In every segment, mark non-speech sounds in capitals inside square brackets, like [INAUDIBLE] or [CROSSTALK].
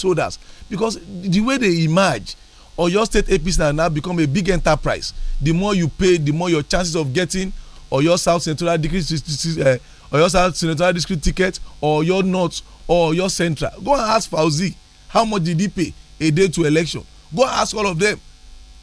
holders because the way they emerge or your state apc now now become a big enterprise the more you pay the more your chances of getting or your south central district uh, eh, or your south central district ticket or your north or your central go and ask fauzi how much did he pay a day to election go and ask all of them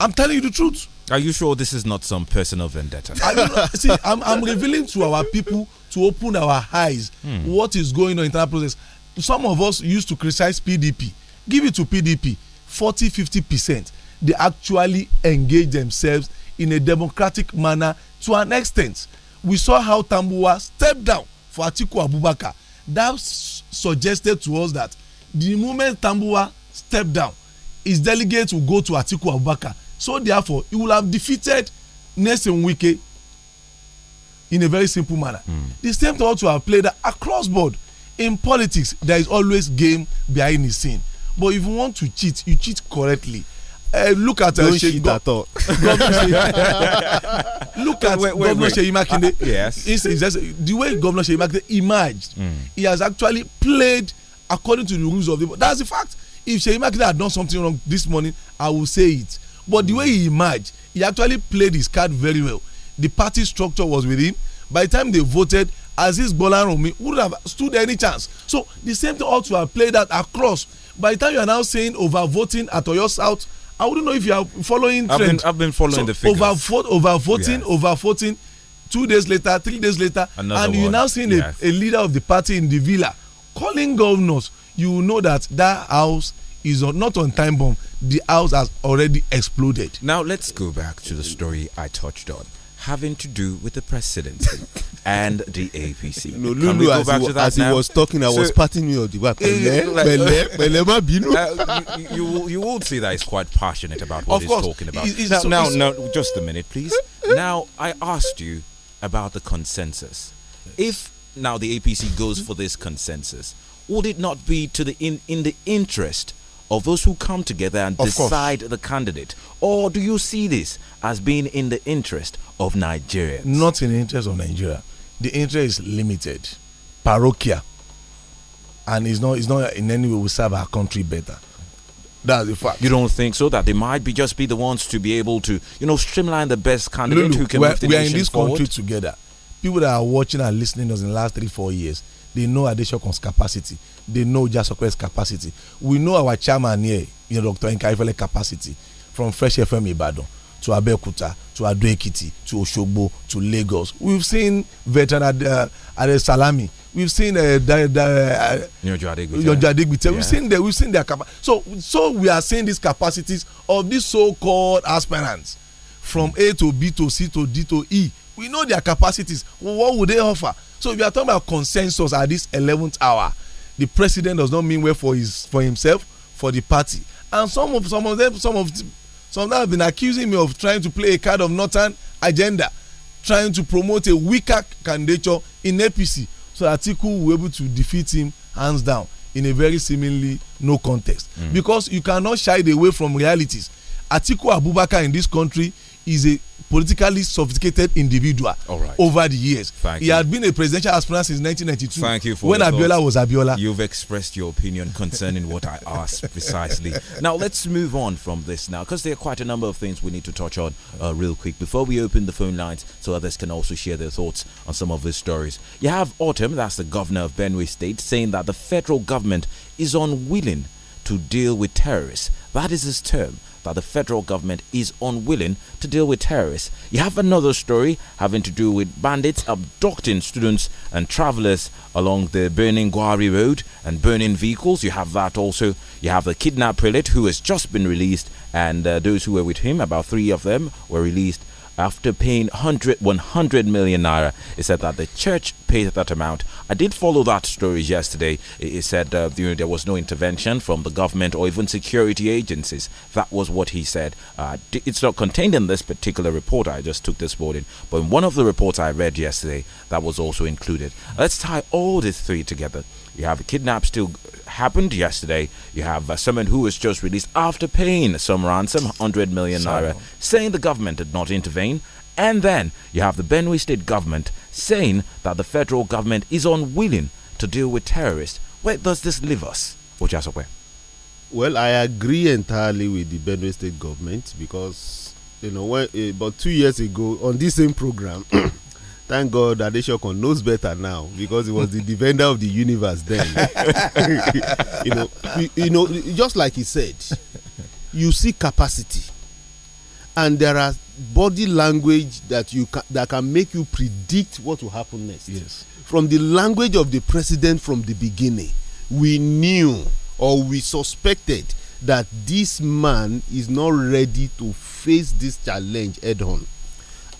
i'm telling you the truth. are you sure this is not some personal vendetta. I see i'm i'm revealing to our people to open our eyes hmm. what is going on in that process some of us used to criticize pdp give it to pdp 40 50 percent they actually engage themselves in a democratic manner to an extent we saw how tambuwa stepped down for atiku abubakar that suggested to us that the moment tambuwa stepped down his delegates will go to atiku abubakar so therefore he will have defeated nelson wike in a very simple manner mm. the same thought to have played across board in politics there is always game behind the scene but if you want to cheat you cheat correctly uh, look at uh, eh, Sheyi at all. [LAUGHS] look at wait, wait, Governor Sheyi Makinde. Uh, yes. It's, it's just, the way Governor Sheyi Makinde emerged, mm. he has actually played according to the rules of the. That's the fact. If Sheyi Makinde had done something wrong this morning, I will say it. But mm. the hmm. way he emerged, he actually played his card very well. The party structure was with him. By the time they voted, Aziz Bolarumi would have stood any chance. So the same thing ought to have played out across. By the time you are now saying over voting at Oyo South, I wouldn't know if you are following trend. I've been, I've been following so the figures. Over, over voting, yes. over voting. Two days later, three days later, Another and you're now seeing yes. a, a, leader of the party in the villa calling governors. You know that that house is not on time bomb. The house has already exploded. Now let's go back to the story I touched on having to do with the presidency [LAUGHS] and the APC. No, Lulu, we go back to that as now? he was talking, I so, was patting you on the back. Uh, uh, you, you, will see that he's quite passionate about what he's talking about. He's, now, so, now, just a minute, please. [LAUGHS] now, I asked you about the consensus. If now the APC goes for this consensus, would it not be to the in, in the interest of those who come together and of decide course. the candidate? Or do you see this as being in the interest of Nigeria? Not in the interest of Nigeria. The interest is limited, parochial, and it's not, it's not in any way we serve our country better. That's the fact. You don't think so? That they might be just be the ones to be able to, you know, streamline the best candidate Lulu, who can we're, move the we are in this forward? country together. People that are watching and listening us in the last three, four years, They know Adesokun's capacity. They know Jasokwe's capacity. We know our chairman here, you know, Dr. Nkaifele capacity from Fresh FM Ibadan to Abeokuta to Ado Ekiti to Osogbo to Lagos. We've seen veteran uh, Ade Salami. We've seen uh, da, da, uh, Yonjo Yonjo Adegbite. Yeah. We've seen the, we've seen their capacity. So so we are seeing these capacities of these so-called aspirants from mm. A to B to C to D to E we know their capacities what would they offer so we are talking about consensus at this eleventh hour the president does not mean well for his for himself for the party and some of some of them some of the, some of them have been accusing me of trying to play a card of northern agenda trying to promote a weaker candidature in apc so atiku will able to defeat him hands down in a very seemingly no contest. Mm. because you cannot shy away from realities atiku abubakar in this country is a politically sophisticated individual All right. over the years. Thank he you. had been a presidential aspirant since 1992. Thank you when Abiola was Abiola. You've expressed your opinion concerning what I asked precisely. Now let's move on from this now because there are quite a number of things we need to touch on uh, real quick before we open the phone lines so others can also share their thoughts on some of these stories. You have Autumn, that's the governor of Benue State, saying that the federal government is unwilling to deal with terrorists. That is his term that the federal government is unwilling to deal with terrorists. You have another story having to do with bandits abducting students and travelers along the Burning Gwari Road and burning vehicles. You have that also. You have the kidnapped prelate who has just been released, and uh, those who were with him, about three of them, were released after paying 100, 100 million naira. It said that the church paid that amount. I did follow that story yesterday. It said uh, there was no intervention from the government or even security agencies. That was what he said. Uh, it's not contained in this particular report I just took this morning, but in one of the reports I read yesterday, that was also included. Let's tie all these three together. You have a kidnap still happened yesterday. You have uh, someone who was just released after paying some ransom, 100 million so. naira, saying the government did not intervene. And then you have the Benue state government saying that the federal government is unwilling to deal with terrorists. Where does this leave us? Well, I agree entirely with the Benue state government because, you know, when, about eh, two years ago on this same program, [CLEARS THROAT] thank God Adesokan knows better now because he was the defender of the universe then. [LAUGHS] you know, you, know, just like he said, you see capacity, and there are body language that you ca that can make you predict what will happen next. Yes. From the language of the president from the beginning, we knew or we suspected that this man is not ready to face this challenge head on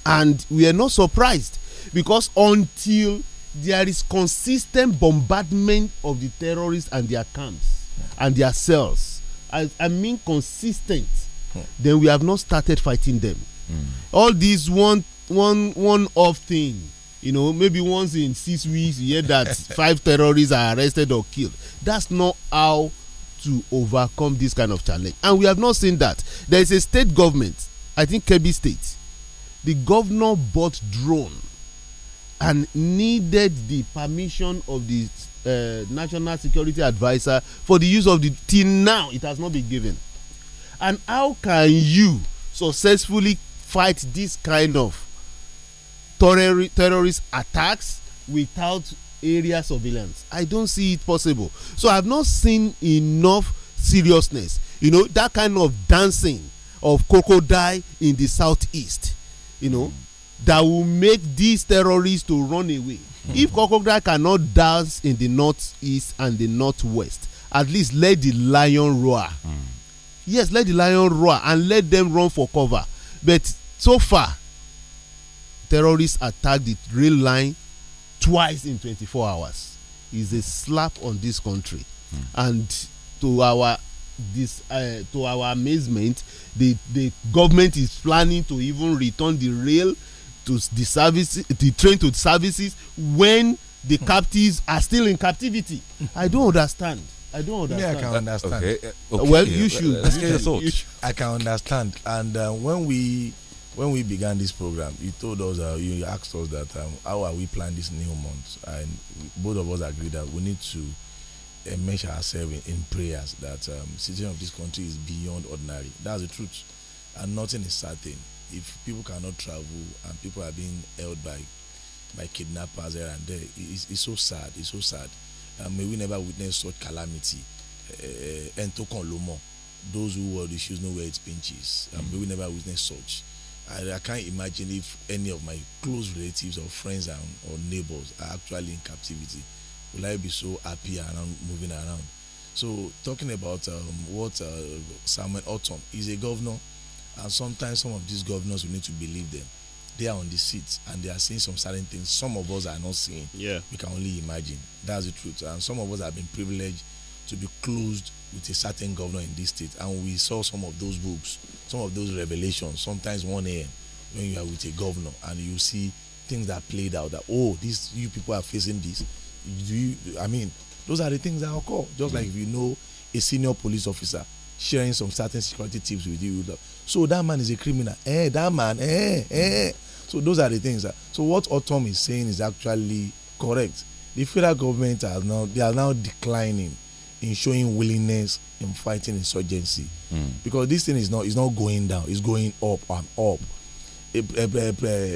and we are not surprised because until there is consistent bombardment of the terrorists and their camps and their cells i, I mean consistent then we have not started fighting them mm. all these one one one off thing you know maybe once in six weeks you hear that [LAUGHS] five terrorists are arrested or killed that's not how to overcome this kind of challenge and we have not seen that there is a state government i think kebbi state the governor bought drone and needed the permission of the uh, national security adviser for the use of the till now it has not been given and how can you successfully fight this kind of terror terrorist attacks without area surveillance i don't see it possible so i have not seen enough seriousness you know that kind of dancing of crocodile in the southeast you know. Mm that will make these terrorists to run away. Hmm. If Kokoda cannot dance in the northeast and the northwest, at least let the lion roar. Hmm. Yes, let the lion roar and let them run for cover. But so far, terrorists attacked the rail line twice in twenty-four hours. Is a slap on this country, hmm. and to our this uh, to our amazement the the government is planning to even return the rail to the service the train to the services when the mm. captives are still in captivity i don't understand i don't understand Me, i can understand okay. Eh, okay. well you eh, should let's get your thoughts i can understand and uh, when we when we began this program you told us uh, you asked us that um, how are we planning this new month and both of us agreed that we need to uh, measure ourselves in, in prayers that um, situation of this country is beyond ordinary that's the truth and nothing is certain if people cannot travel and people are being held by by kidnappers here and there it's, it's so sad it's so sad and may we never witness such calamity uh, eh, eh, ẹn tó kàn those who wear the shoes know where it pinches and may we mm. never witness such I, I can't imagine if any of my close relatives or friends and or neighbors are actually in captivity will I be so happy around moving around so talking about um, what uh, Samuel Otom is a governor and sometimes some of these governors we need to believe them they are on the seats and they are seeing some certain things some of us are not seeing yeah we can only imagine that's the truth and some of us have been privileged to be closed with a certain governor in this state and we saw some of those books some of those revelations sometimes one am when you are with a governor and you see things that played out that oh these you people are facing this do you i mean those are the things that occur just mm -hmm. like if you know a senior police officer sharing some certain security tips with you so that man is a criminal eh that man eh eh so those are the things uh, so what autumn is saying is actually correct the federal government are now they are now declining in showing willingness in fighting insurgency mm. because this thing is not is not going down it's going up and up a,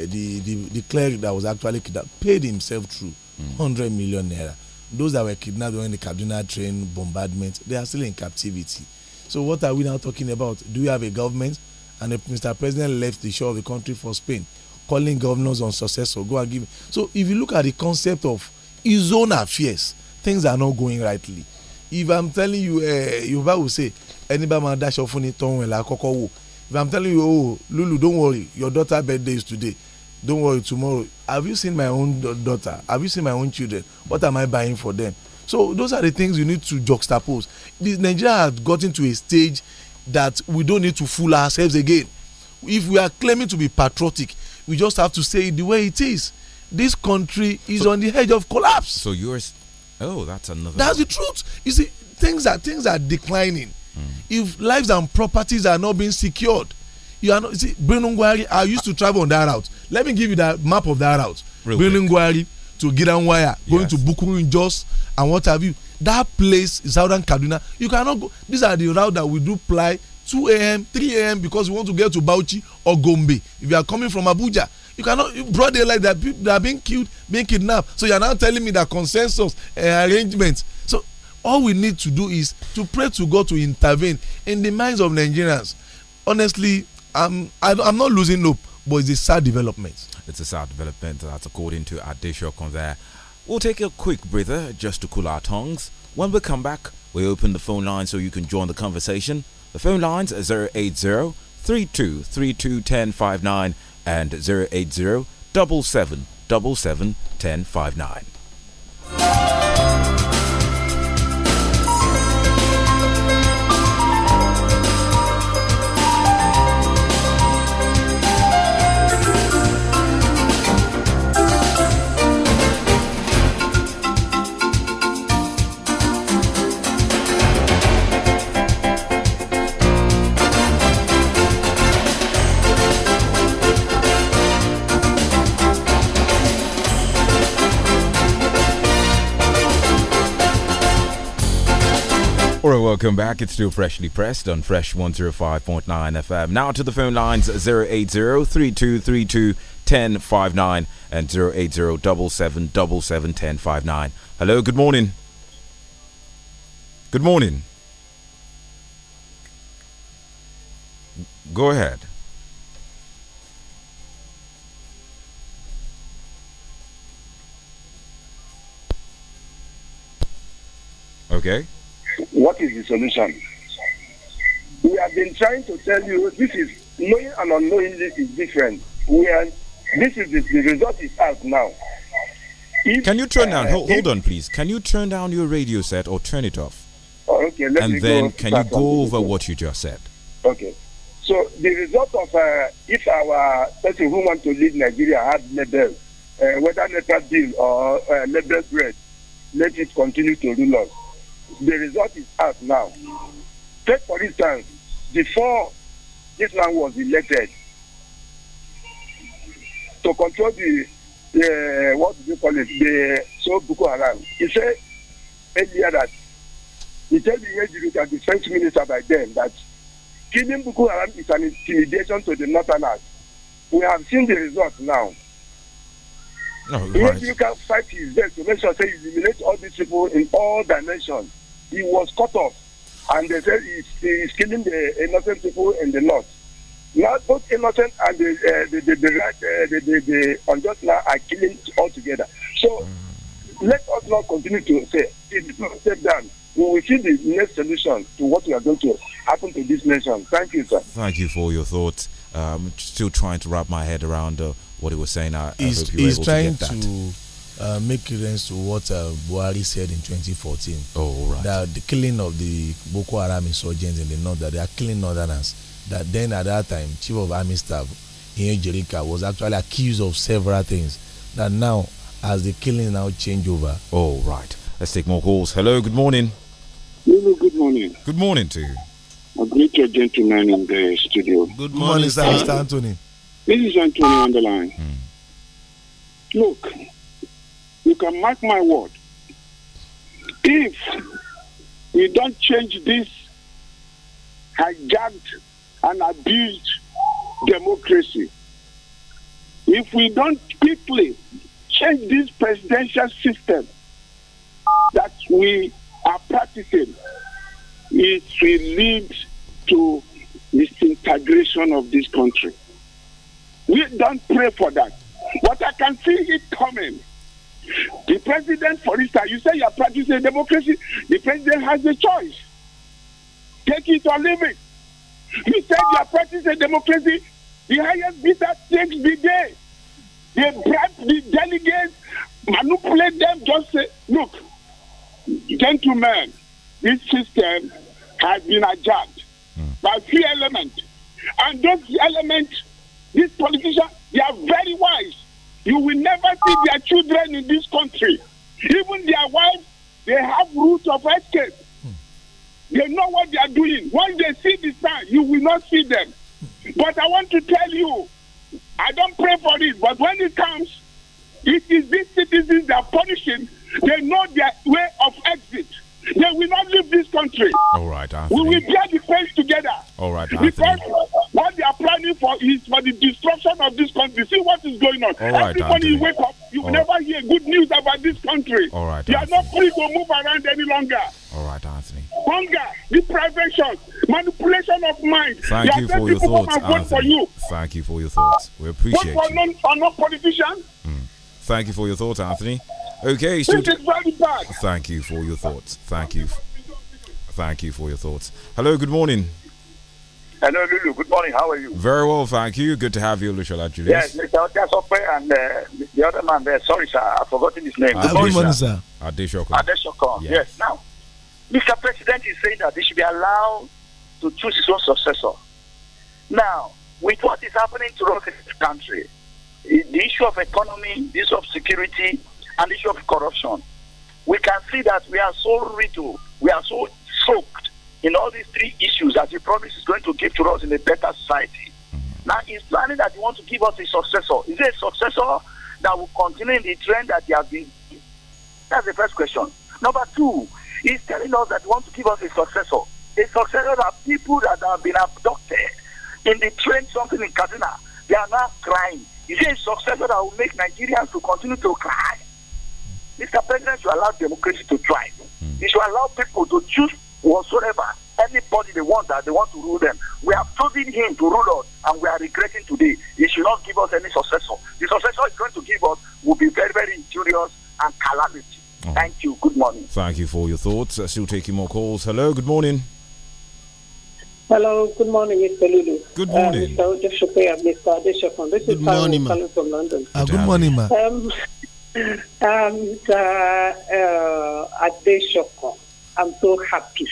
the, the the cleric that was actually kidnapped paid himself through mm. 100 million naira those that were kidnapped during the kaduna train bombardment they are still in captivity So what are we now talking about? Do we have a government? And Mr. President left the shore of the country for Spain, calling governors on unsuccessful. Go and give. So if you look at the concept of his own affairs, things are not going rightly. If I'm telling you, uh, Yorùbá will say, ẹni bá máa daṣọ fún ni tọ́hún ẹ̀ la kọ́kọ́ wò. If I'm telling you, oh, Lulu, don't worry, your daughter' birthday is today. Don't worry, tomorrow. Have you seen my own daughter? Have you seen my own children? What am I buying for them? so those are the things you need to juxtapose the nigeria has gotten to a stage that we don't need to fool ourselves again if we are claiming to be patriotic we just have to say it the way it is this country is so, on the edge of collapse so yours oh that's another that's one. the truth you see things are things are declining mm. if lives and properties are not being secured you are not see Benungwari I used to travel on that route let me give you that map of that route Benungwari to Gidan Wire, going to Bukuru Jos and what have you. That place is Southern Kaduna. You cannot go. These are the route that we do ply 2 a.m., 3 a.m. because we want to get to Bauchi or Gombe. If you are coming from Abuja, you cannot you broad daylight that people that are being killed, being kidnapped. So you are now telling me that consensus uh, eh, arrangements. So all we need to do is to pray to God to intervene in the minds of Nigerians. Honestly, I'm I'm not losing hope, but it's a sad development. It's a sad development that's according to Adeshokon there. We'll take a quick breather just to cool our tongues. When we come back, we open the phone line so you can join the conversation. The phone lines are 080 1059 and 080 777 1059. All right, welcome back. It's still freshly pressed on Fresh 105.9 FM. Now to the phone lines 080-3232-1059 and 080-777-1059. Hello, good morning. Good morning. Go ahead. Okay. What is the solution? We have been trying to tell you this is knowing and unknowingly is different. We are this is the, the result is out now. If, Can you turn uh, down? Uh, hold, hold if, on, please. Can you turn down your radio set or turn it off? okay, and then can you go over what you just said? Okay. So the result of uh, if our person who want to lead Nigeria had label, uh, whether letter bill or uh, label bread, let it continue to rule us the result is out now. Take for instance, before this man was elected to control the what do you call it the so Boko Haram. He said earlier that he told the Egypt and the French minister by then that killing Boko Haram is an intimidation to the Northerners. We have seen the result now. No, if you can fight his death to make sure say he eliminate all these people in all dimensions, he was cut off. And they said he's, he's killing the innocent people in the lot. Now both innocent and the uh, the, the, the, uh, the, the, the, unjust now are killing altogether. So mm. let us not continue to say not step down. We will see the next solution to what we are going to happen to this nation. Thank you, sir. Thank you for your thoughts. I'm um, still trying to wrap my head around uh, what he was saying. I, he's, I hope you were able trying to get that. To, uh, make reference to what uh, Buhari said in 2014. Oh, right. That the killing of the Boko Haram insurgents in the north, that they are killing northerners. That then at that time, Chief of Army Staff in Jerika was actually accused of several things. That now, as the killing now change over. Oh, right. Let's take more calls. Hello, good morning. Hello, good morning. Good morning to you. A great gentleman in the studio. Good morning, good morning Sir Mr. Anthony. Ladies and Antonio on the line, hmm. look, you can mark my word. If we don't change this hijacked and abused democracy, if we don't quickly change this presidential system that we are practicing, it will lead to disintegration of this country. We don't pray for that. But I can see it coming. The president, for instance, you say you are practicing democracy. The president has a choice. Take it or leave it. You said you are practicing democracy. The highest bidder takes the day. They bribe the delegates, manipulate them, just say, look, gentlemen, this system has been adjusted by three elements. And those elements these politicians, they are very wise. You will never see their children in this country. Even their wives, they have routes of escape. Hmm. They know what they are doing. Once they see the sun, you will not see them. But I want to tell you, I don't pray for this, but when it comes, it is these citizens that are punishing. They know their way of exit. They will not leave this country. All right, Anthony. We will bear the pain together. All right, Anthony. Because what they are planning for is for the destruction of this country. See what is going on. All right, Everybody Anthony. wake up. You will never hear good news about this country. All right, You Anthony. are not free to move around any longer. All right, Anthony. Hunger, deprivation, manipulation of mind. Thank you, you for your thoughts, Anthony. You. Thank you for your thoughts. We appreciate What you. Non, for non-politician. Mm. Thank you for your thoughts, Anthony. Okay, Thank you for your thoughts. Thank you. Thank you for your thoughts. Hello, good morning. Hello, Lulu. Good morning. How are you? Very well, thank you. Good to have you, Lucilla. Julius. Yes, Mr. Otasope and uh, the other man there. Sorry, sir. I've forgotten his name. Good morning, sir. Yes. yes. Now, Mr. President is saying that he should be allowed to choose his own successor. Now, with what is happening to us in this country, the issue of economy, the issue of security, and the issue of corruption. We can see that we are so riddled, we are so soaked in all these three issues that the promise is going to give to us in a better society. Mm-hmm. Now he's planning that he wants to give us a successor. Is it a successor that will continue the trend that he has been? That's the first question. Number two, he's telling us that he wants to give us a successor. A successor that people that have been abducted in the train, something in Kaduna, they are now crying is it a success that will make Nigerians to continue to cry? Mr. President should allow democracy to thrive. Hmm. You should allow people to choose whatsoever, anybody they want that they want to rule them. We have chosen him to rule us and we are regretting today. He should not give us any successor. The successor he's going to give us will be very, very injurious and calamity. Oh. Thank you. Good morning. Thank you for your thoughts. I still taking more calls. Hello, good morning. Hello, good morning, Mr. Lulu. Good uh, morning. Uh, Mr. Mr. This good is morning, calling from London. Uh, good morning, ma. Um, [LAUGHS] and uh, uh, I'm so happy.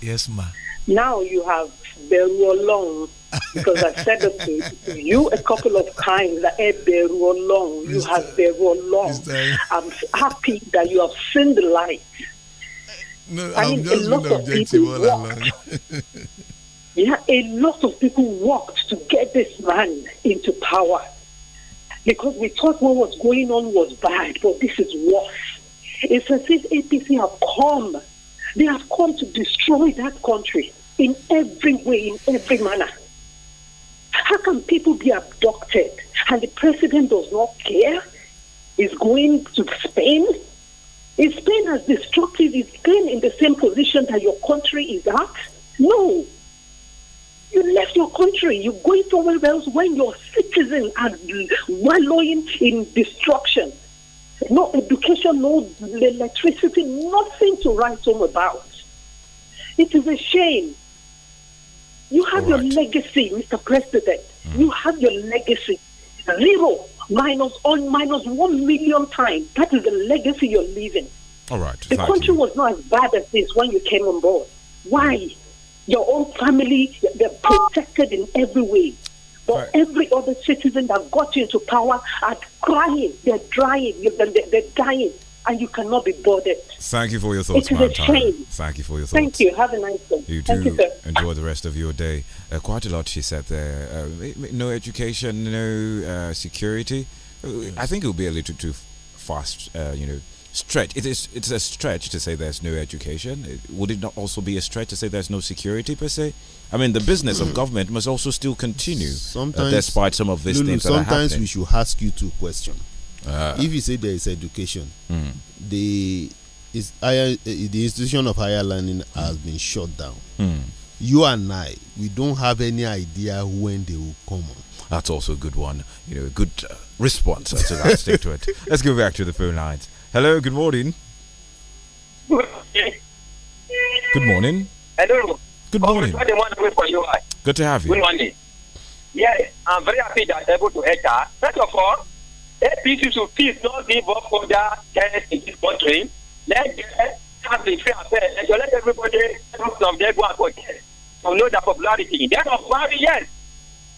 Yes, ma. Now you have been alone because I said it to you a couple of times that hey, Beru alone, you have been alone. i I'm happy that you have seen the light. No, I mean, I'm just being objective all along. [LAUGHS] Yeah, a lot of people worked to get this man into power because we thought what was going on was bad, but this is worse. It's as if APC have come. They have come to destroy that country in every way, in every manner. How can people be abducted and the president does not care? Is going to Spain? Is Spain as destructive? Is Spain in the same position that your country is at? No. You left your country. You're going somewhere else when your citizens are wallowing in destruction. No education, no electricity, nothing to write home about. It is a shame. You have right. your legacy, Mr. President. Mm. You have your legacy. Zero minus on minus one million times. That is the legacy you're leaving. All right. The country you. was not as bad as this when you came on board. Why? your own family, they're protected in every way. But right. every other citizen that got you into power are crying, they're dying, they're, they're dying, and you cannot be bothered. Thank you for your thoughts, it is a shame. Thank you for your thoughts. Thank you. Have a nice day. You Thank enjoy the rest of your day. Uh, quite a lot she said there. Uh, no education, no uh, security. Uh, I think it would be a little too fast, uh, you know, stretch. It is. It's a stretch to say there's no education. would it not also be a stretch to say there's no security per se? I mean, the business of government must also still continue, uh, sometimes, uh, despite some of these Lulu, things. sometimes we should ask you two questions. Uh, if you say there is education, mm. the is higher, eh, the institution of higher learning mm. has been shut down. Mm. You and I, we don't have any idea when they will come on. That's also a good one. You know, a good uh, response to that statement. [LAUGHS] Let's go back to the phone lines. Hello, good morning. Good morning. Hello. Good morning. Good to have you. Good morning. Yes, I'm very happy that I'm able to enter. First of all, APC should please not give up on their tenants in this country. Let them have the free affair. Let, let everybody from their go and go to know the popularity. Then of worry, yes.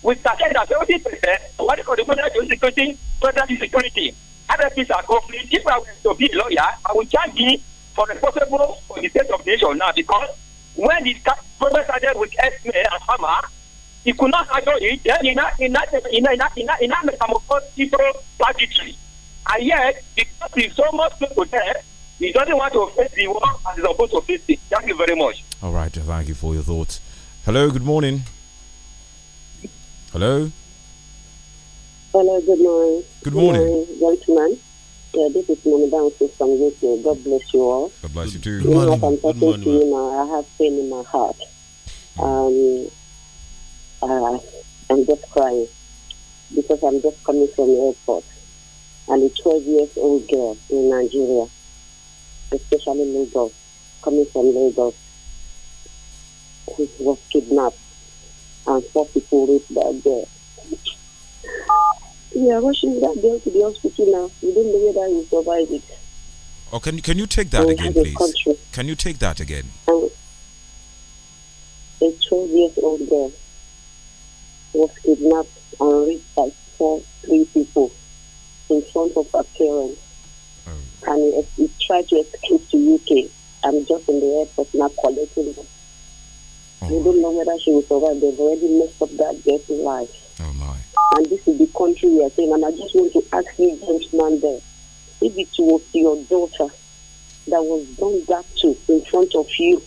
We started at 70%. What is the security? Further security. Other things are conflict. If I were to be a lawyer, I would charge him for responsible for the state of the nation now because when the problem started with Esme and Hammer, he could not handle it. Then in that in that in that in that in that metamorphosis people pageantry. And yet, because there's so much people there, he doesn't want to face the war as he's supposed to face it. Thank you very much. All right, thank you for your thoughts. Hello, good morning. Hello. Hello, good morning. Good morning. gentlemen. Yeah, this is Mama Dancy from UK. God bless you all. God bless you too. Good morning. I'm talking morning, to you now. I have pain in my heart. Hmm. Um, uh, I'm just crying because I'm just coming from the airport. I'm a 12 years old girl in Nigeria, especially Lagos, coming from Lagos, who was kidnapped and four people raped that girl. Yeah, rushing that girl to the hospital now. We don't know whether she will survive it. Oh, can, can you take that again, please? Can you take that again? Um, a 12 years old girl was kidnapped and raped by four, three people in front of her parents. Oh. And he, he tried to escape to UK. I'm just in the airport now collecting them. Oh. We don't know whether she will survive. They've already messed up that girl's life. Oh, my and this is the country we are in, And I just want to ask you, gentleman, there, if it was your daughter that was done that to in front of you,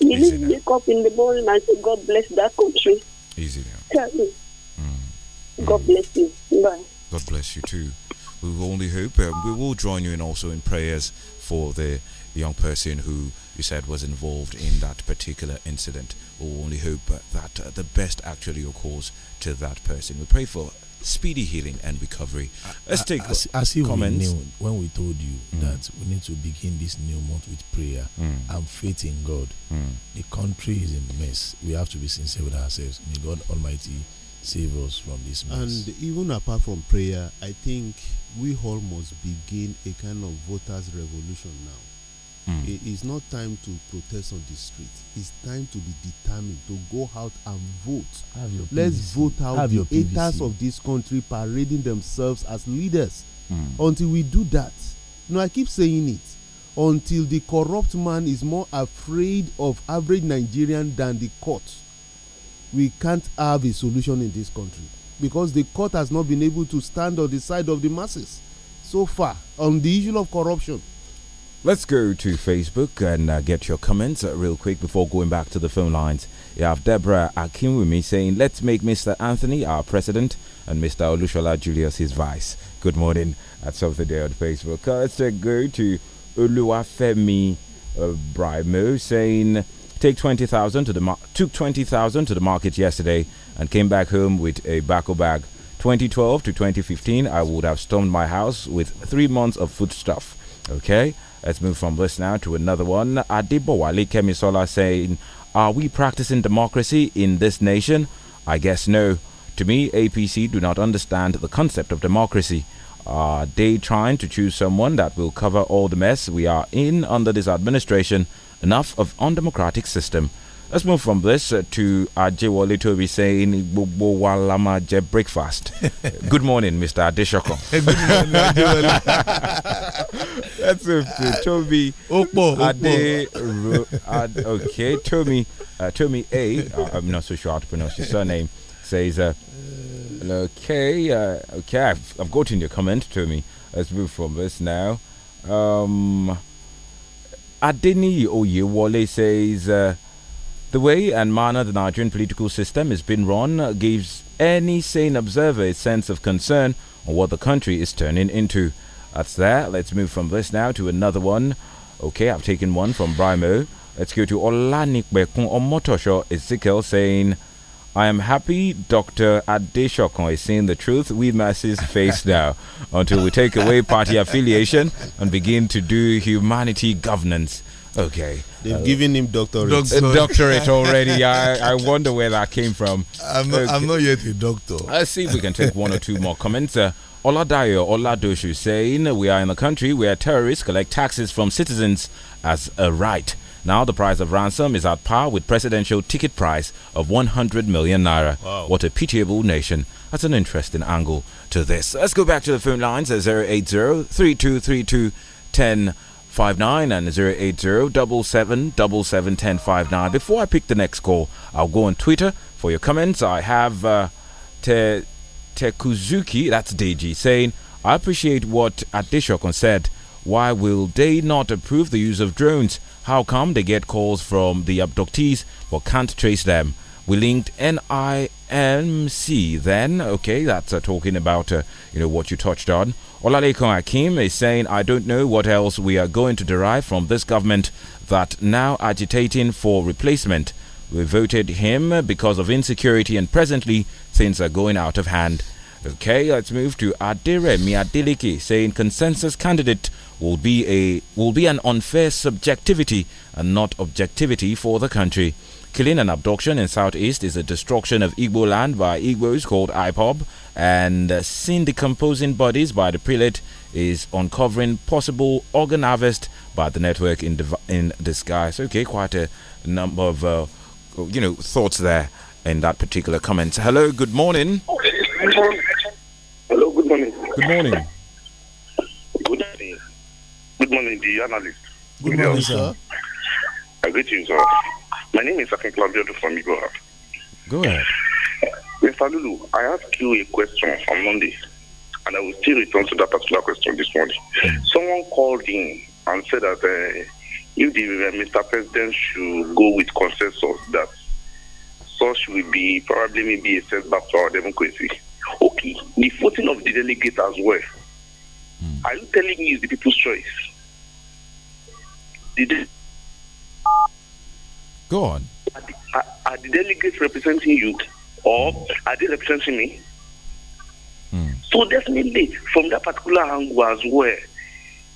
you need to wake up in the morning and say, God bless that country. Easy now. Mm. God mm. bless you. Bye. God bless you too. We only hope um, we will join you in also in prayers for the, the young person who you said was involved in that particular incident. We'll only hope that uh, the best actually occurs to that person. We pray for speedy healing and recovery. Let's take as, as comments. We knew, when we told you mm. that we need to begin this new month with prayer mm. and faith in God, mm. the country is a mess. We have to be sincere with ourselves. May God Almighty save us from this mess. And even apart from prayer, I think we all must begin a kind of voters' revolution now. Mm. It is not time to protest on the street. It's time to be determined to go out and vote. Let's vote out Have the haters of this country parading themselves as leaders. Mm. Until we do that, you know, I keep saying it. Until the corrupt man is more afraid of average Nigerian than the court, we can't have a solution in this country because the court has not been able to stand on the side of the masses so far on the issue of corruption Let's go to Facebook and uh, get your comments uh, real quick before going back to the phone lines. You have Deborah Akin with me saying, Let's make Mr. Anthony our president and Mr. Olushola Julius his vice. Good morning. That's something there on Facebook. Uh, let's go to Uluwafemi uh, Brimo saying, Take 20,000 to the took 20,000 to the market yesterday and came back home with a baco bag. 2012 to 2015, I would have stormed my house with three months of foodstuff. Okay. Let's move from this now to another one. Adibowale Kemisola saying, Are we practicing democracy in this nation? I guess no. To me, APC do not understand the concept of democracy. Are they trying to choose someone that will cover all the mess we are in under this administration? Enough of undemocratic system. Let's move from this uh, to Ajewole be saying, "Boo, wa la ma je breakfast. [LAUGHS] Good morning, Mr. Adeshoko. [LAUGHS] Good morning, That's it. Uh, Toby. Opo. Ade. Ad, okay. Toby, uh, Toby A. Uh, I'm not so sure how to pronounce your surname. Says, uh, okay, uh, okay, I've, I've gotten your comment, Me. Let's move from this now. Um, Adeni Oyewole says, uh, the way and manner the Nigerian political system is being run gives any sane observer a sense of concern on what the country is turning into. That's that. Let's move from this now to another one. Okay, I've taken one from Brimo. Let's go to Olanikbekun Omotosho Ezekiel saying, I am happy Dr. Adeshokon is seeing the truth with masses face [LAUGHS] now until we take away party affiliation and begin to do humanity governance. Okay. They've uh, given him doctorate. Doctor. doctorate already. I, I [LAUGHS] wonder where that came from. I'm not, okay. I'm not yet a doctor. Let's uh, see if we can take one or two more comments. Uh, Oladayo Oladoshu saying, We are in a country where terrorists collect taxes from citizens as a right. Now the price of ransom is at par with presidential ticket price of 100 million naira. Wow. What a pitiable nation. That's an interesting angle to this. Let's go back to the phone lines at 080 3232 10 1059 and 080-7777-1059. Before I pick the next call, I'll go on Twitter for your comments. I have uh, Te Tekuzuki, that's Deji, saying, I appreciate what Adishokon said. Why will they not approve the use of drones? How come they get calls from the abductees but can't trace them? We linked NIMC then. Okay, that's uh, talking about uh, you know what you touched on. Olalekan Akim is saying, I don't know what else we are going to derive from this government that now agitating for replacement. We voted him because of insecurity and presently things are going out of hand. Okay, let's move to Adire Miadiliki saying consensus candidate will be a will be an unfair subjectivity and not objectivity for the country. Killing and abduction in Southeast is the destruction of Igbo land by Igbos called IPOB, and uh, seen decomposing bodies by the prelate is uncovering possible organ harvest by the network in, in disguise. Okay, quite a number of uh, you know thoughts there in that particular comment. Hello, good morning. Good morning. Hello, good morning. Good morning. Good morning. Good morning, the analyst. Good, good morning, sir. I greet you, sir. My name is Akin Claudio from Igora. Go ahead. Mr. Lulu, I asked you a question on Monday, and I will still return to that particular question this morning. Hmm. Someone called in and said that uh, if the uh, Mr. President should go with consensus, that such will be probably maybe a setback for our democracy. Okay, the voting of the delegate as well. Mm. Are you telling me it's the people's choice? The Go on. Are the, are, are the delegates representing you or are they representing me? Mm. So definitely, from that particular angle as well,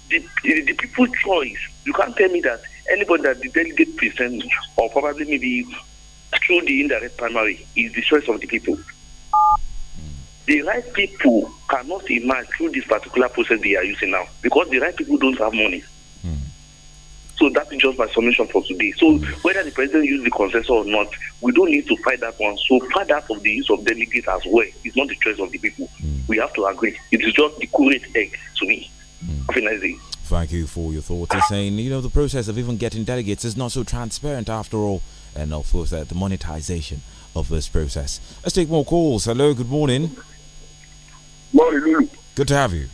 the, the, the people's choice, you can't tell me that anybody that the delegate presents or probably maybe through the indirect primary is the choice of the people. Hmm. The right people cannot emerge through this particular process they are using now because the right people don't have money. So that is just my solution for today. So whether the president used the consensus or not, we don't need to fight that one. So fight that of the use of delegates as well. It's not the choice of the people. Hmm. We have to agree. It is just the current egg to me. Hmm. Have a nice day. Thank you for your thoughts. He's saying, you know, the process of even getting delegates is not so transparent after all. And of course, uh, the monetization of this process. Let's take more calls. Hello, good morning. Morning, Lulu. Good to have you.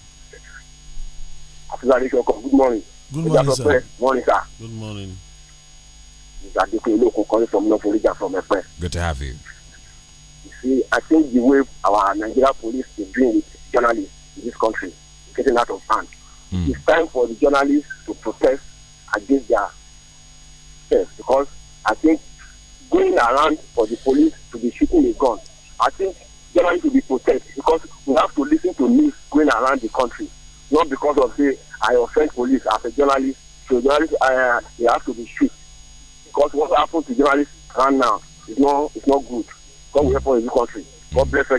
Good morning. Good morning, sir. Morning, sir. Good morning. Mr. calling from North Florida from Epe. Good to have you. You see, I think the way our Nigeria police is doing with journalists in this country is getting out of hand. Mm. It's time for the journalists to protest against their self because I think going around for the police to be shooting a gun, I think journalists should be protected because we have to listen to news going around the country, not because of the I offend police as a journalist. So journalists, uh, they have to be strict because what happens to journalists right now is not, it's not good. God will help us in this country. God bless you,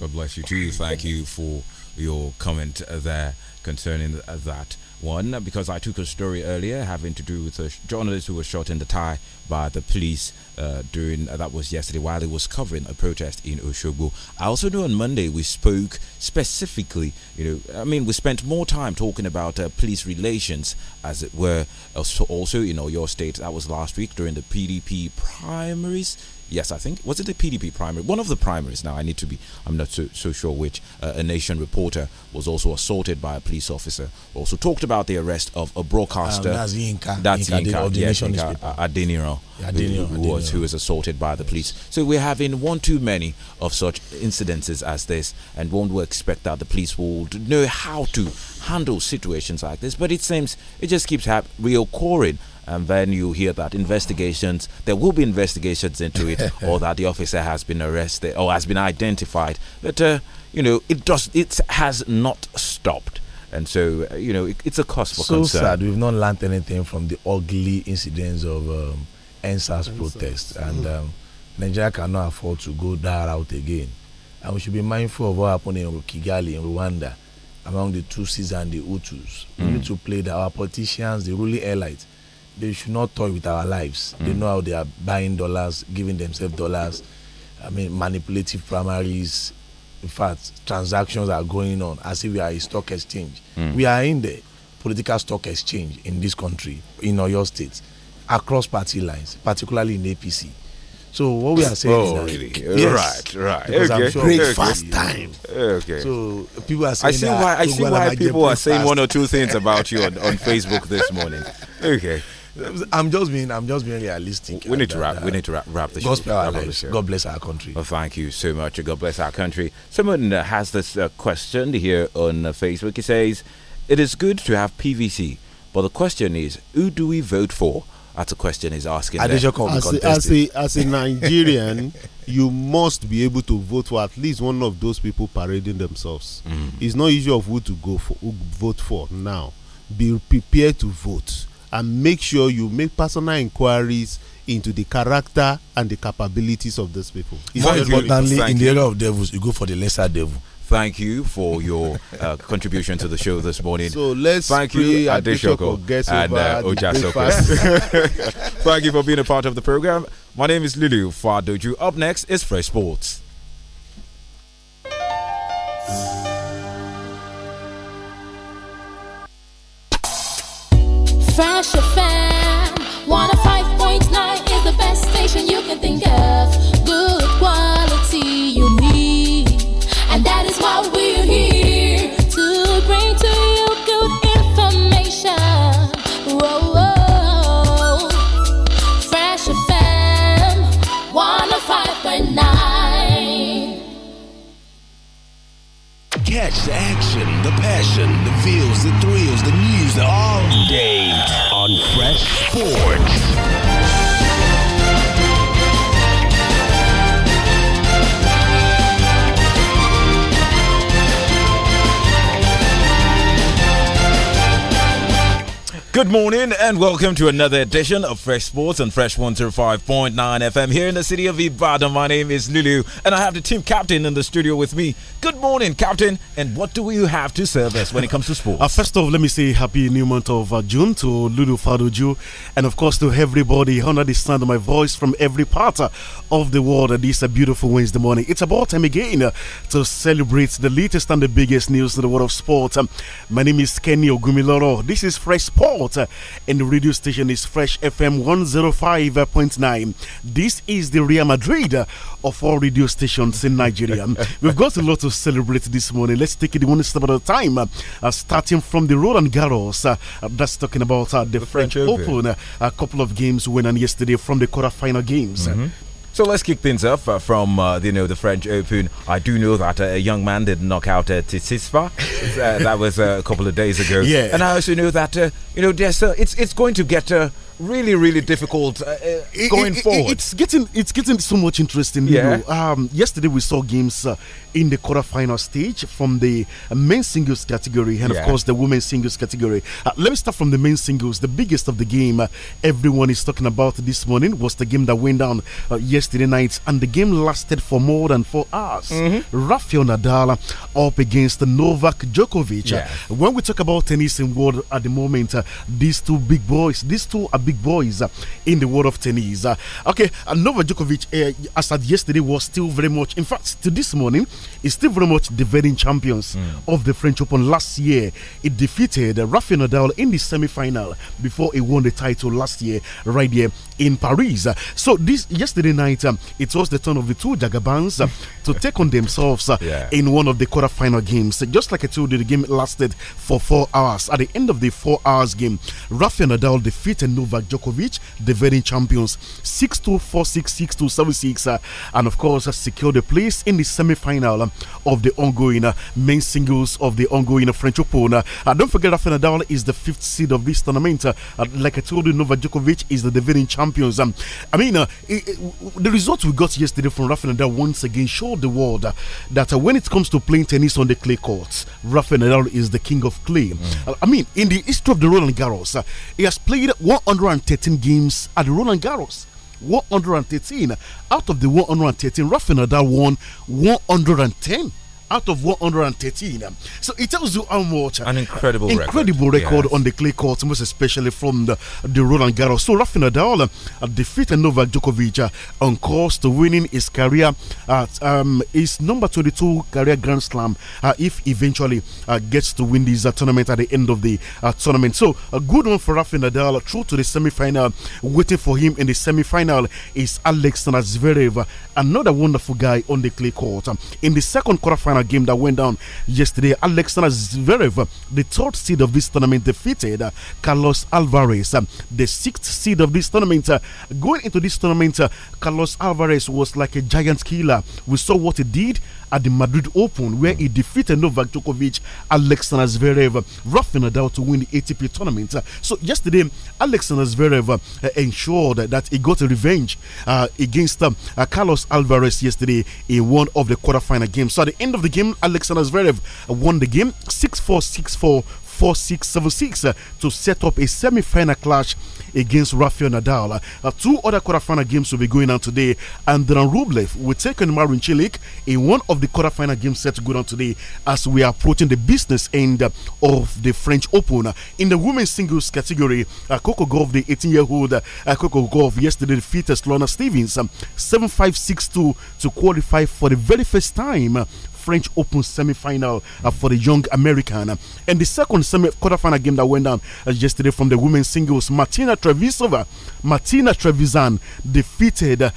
God bless you too. Thank you for your comment there concerning that one because I took a story earlier having to do with a journalist who was shot in the thigh by the police uh, during uh, that was yesterday while he was covering a protest in Oshogbo. I also know on Monday we spoke specifically, you know, I mean, we spent more time talking about uh, police relations, as it were, also, also in you know, your state. That was last week during the PDP primaries yes, I think was it the PDP primary, one of the primaries. Now I need to be, I'm not so, so sure which. Uh, a Nation reporter was also assaulted by a police officer. Also talked about the arrest of a broadcaster. Um, that's Yinka. That's Yinka. Yinka, Yinka, yes, Yinka Adeniro, Adeniro, who, who, was who was assaulted by the yes. police. So we're having one too many of such incidences as this, and one would expect that the police will know how to handle situations like this. But it seems it just keeps reoccurring and then you hear that investigations, there will be investigations into it, [LAUGHS] or that the officer has been arrested or has been identified. But uh, you know, it does, it has not stopped. And so, uh, you know, it, it's a cause for so concern. So sad. We've not learned anything from the ugly incidents of um, NSAS protests. And um, Nigeria cannot afford to go that route again. And we should be mindful of what happened in Kigali, in Rwanda, among the Tutsis and the Hutus. Mm. We need to play that our politicians, the ruling elites, they should not toy with our lives. Mm. They know how they are buying dollars, giving themselves dollars. I mean, manipulative primaries. In fact, transactions are going on as if we are a stock exchange. Mm. We are in the political stock exchange in this country, in your states, across party lines, particularly in APC. So what we are saying oh, is that really? [LAUGHS] yes, right, right, okay. Sure great okay. fast time. Okay. So people are saying I see why I see why people are saying fast. one or two things about you on, on Facebook this morning. [LAUGHS] Okay. I'm just being I'm just being realistic. We need to wrap. we uh, need to wrap, wrap the show. God bless our country. Well, thank you so much. God bless our country. Someone has this uh, question here on uh, Facebook. He says, "It is good to have PVC, but the question is, who do we vote for?" That's a question he's asking. As a, as, a, as a Nigerian, [LAUGHS] you must be able to vote for at least one of those people parading themselves. Mm. It's not easy of who to go for, who vote for now. Be prepared to vote and make sure you make personal inquiries into the character and the capabilities of these people. More importantly, in the area of devils, you go for the lesser devil thank you for your uh, contribution to the show this morning. So let's thank you, Adeshoko and uh, Ojasoko. [LAUGHS] thank you for being a part of the program. My name is Lulu Fadoju. Up next is Fresh Sports. the All Date on Fresh Sports. Good morning and welcome to another edition of Fresh Sports on Fresh 105.9 FM here in the city of Ibadan. My name is Lulu and I have the team captain in the studio with me. Good morning, captain. And what do you have to serve us when it comes to sports? Uh, first off, let me say happy new month of uh, June to Lulu Faruju and of course to everybody under the sound of my voice from every part uh, of the world at this uh, beautiful Wednesday morning. It's about time again uh, to celebrate the latest and the biggest news in the world of sport. Um, my name is Kenny Ogumiloro. This is Fresh Sports Airport. and the radio station is Fresh FM 105.9. This is the Real Madrid of all radio stations in Nigeria. [LAUGHS] We've got a lot to celebrate this morning. Let's take it one step at a time, uh, starting from the Roland Garros. Uh, uh, that's talking about the, the, French, French Open. Open. a couple of games won and yesterday from the quarterfinal games. Mm -hmm. So let's kick things off uh, from uh, you know the French Open. I do know that a young man did knock out uh, Tisispa. [LAUGHS] Uh, that was uh, a couple of days ago. Yeah, and I also know that uh, you know there's it's it's going to get really really difficult uh, going it, forward. It's getting it's getting so much interesting. Yeah. You know, um, yesterday we saw games uh, in the quarterfinal stage from the men's singles category and, yeah. of course, the women's singles category. Uh, let me start from the men's singles. The biggest of the game uh, everyone is talking about this morning was the game that went down uh, yesterday night, and the game lasted for more than four hours. Mm -hmm. Rafael Nadal up against Novak Djokovic. Yeah. Uh, when we talk about tennis in world at the moment, uh, these two big boys, these two are big boys uh, in the world of tennis. okay, Novak Djokovic, as at yesterday, was still very much, in fact, to this morning, is still very much the defending champions mm. of the French Open last year. It defeated Rafael Nadal in the semi final before he won the title last year, right here in Paris. So, this yesterday night, um, it was the turn of the two Jagabans uh, [LAUGHS] to take on themselves uh, yeah. in one of the quarter-final games. Just like I told you, the game lasted for four hours. At the end of the four hours game, Rafael Nadal defeated Novak Djokovic, the defending champions, 6 2 4 6 6 2 7 6, uh, and of course, uh, secured a place in the semi final of the ongoing uh, main singles of the ongoing French Open. Uh, uh, don't forget Rafael Nadal is the fifth seed of this tournament. like I told you, Novak Djokovic is the defending champions. Um, I mean, it, it, the results we got yesterday from Rafa Nadal once again showed the world that when it comes to playing tennis on the clay courts, Rafa Nadal is the king of clay. Mm. I mean, in the history of the Roland Garros, he has played 113 games at Roland Garros. 113. Out of the 113, rafinada won 110 out of 113. So it tells you how much uh, an incredible, incredible record, record yes. on the clay court, most especially from the, the Roland Garros. So Rafael Nadal uh, uh, defeated Novak Djokovic uh, on course to winning his career at um, his number 22 career Grand Slam uh, if eventually uh, gets to win this tournament at the end of the tournament. So a good one for Rafael Nadal through to the semi-final. Waiting for him in the semi-final is Alexander Zverev, another wonderful guy on the clay court. in the second quarterfinal game that went down yesterday. Alexander Zverev, the third seed of this tournament, defeated uh, Carlos Alvarez, um, the sixth seed of this tournament. Uh, going into this tournament, uh, Carlos Alvarez was like a giant killer. We saw what he did at the Madrid Open, where he defeated Novak Djokovic, Alexander Zverev, Rafael Nadal to win the ATP tournament. So yesterday, Alexander Zverev uh, ensured that he got a revenge uh, against um, uh, Carlos Alvarez yesterday in one of the quarterfinal games. So at the end of the game, Alexander Zverev won the game 6 4 6 4 4 6 7 6 to set up a semi final clash against Rafael Nadal. Uh, two other quarterfinal games will be going on today. Andran Rublev will take on Marin Cilic in one of the quarterfinal games set to go on today as we are approaching the business end of the French Open. in the women's singles category, uh, Coco Golf, the 18 year old uh, Coco Golf, yesterday defeated Lorna Stevens um, 7 5 6 2 to qualify for the very first time. Uh, French Open semi-final uh, for the young American. And the second semi quarterfinal game that went down uh, yesterday from the women's singles, Martina Trevisova, Martina Trevisan defeated uh,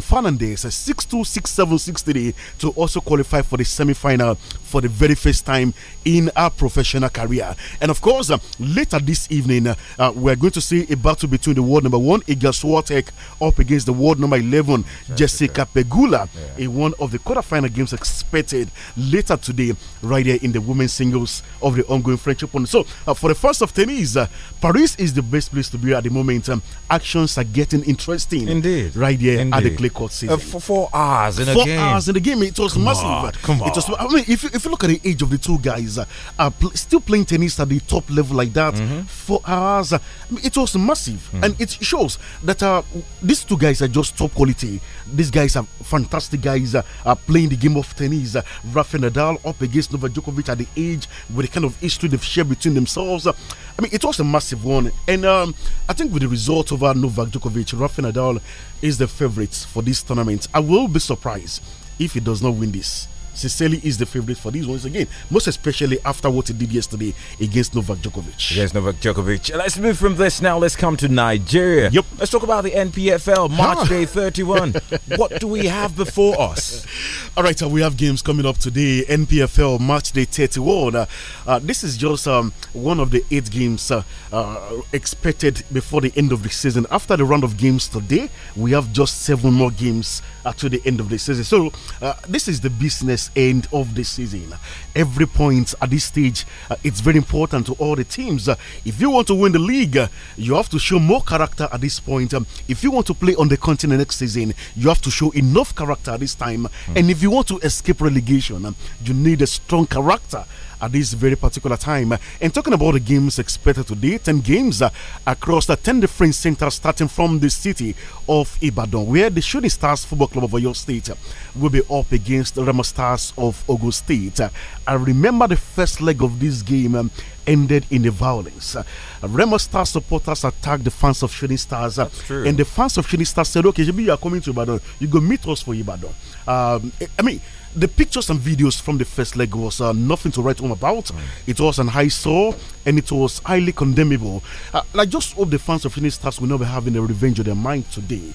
Fernandez 6-2, 6-7, 6-3 to also qualify for the semi-final for the very first time in her professional career. And of course, uh, later this evening, uh, uh, we're going to see a battle between the world number one, Igor Swartek, up against the world number 11, Jessica, Jessica Pegula, yeah. in one of the quarterfinal games expected United later today, right here in the women's singles of the ongoing French Open. So, uh, for the first of tennis, uh, Paris is the best place to be at the moment. Um, actions are getting interesting. Indeed. Right here Indeed. at the clay court season. Uh, for four hours in four a game. Four hours in the game. It was come massive. On, come on. It was, I mean, if you, if you look at the age of the two guys, uh, pl still playing tennis at the top level like that, mm -hmm. four hours, uh, it was massive. Mm -hmm. And it shows that uh, these two guys are just top quality. These guys are fantastic guys uh, playing the game of tennis. Uh, Rafael Nadal up against Novak Djokovic at the age with the kind of history they've shared between themselves. I mean, it was a massive one. And um, I think with the result of Novak Djokovic, Rafael Nadal is the favorite for this tournament. I will be surprised if he does not win this. Sincerely is the favorite for these ones again, most especially after what he did yesterday against Novak Djokovic. Against Novak Djokovic. Let's move from this now. Let's come to Nigeria. Yep. Let's talk about the NPFL March Day 31. [LAUGHS] what do we have before us? [LAUGHS] All right, uh, we have games coming up today. NPFL March Day 31. Uh, uh, this is just um, one of the eight games uh, uh, expected before the end of the season. After the round of games today, we have just seven more games uh, to the end of the season. So uh, this is the business this end of the season. Every point at this stage, uh, it's very important to all the teams. Uh, if you want to win the league, uh, you have to show more character at this point. Um, if you want to play on the continent next season, you have to show enough character at this time. Mm. And if you want to escape relegation, um, you need a strong character at this very particular time. And talking about the games expected today, 10 games uh, across the uh, 10 different centers starting from the city of Ibadan, where the Shooting Stars Football Club of Oyo State uh, will be up against the Stars of Ogo State. Uh, I remember the first leg of this game. Um, ended in a violence. Uh, Remo Star supporters attacked the fans of Shooting Stars. Uh, and the fans of Shooting Stars said, okay, you are coming to Ibadan. You go meet us for Ibadan. Um, I mean, the pictures and videos from the first leg was uh, nothing to write home about. Mm. It was an high score and it was highly condemnable. Uh, I just hope the fans of Phoenix Stars will not be having a revenge on their mind today.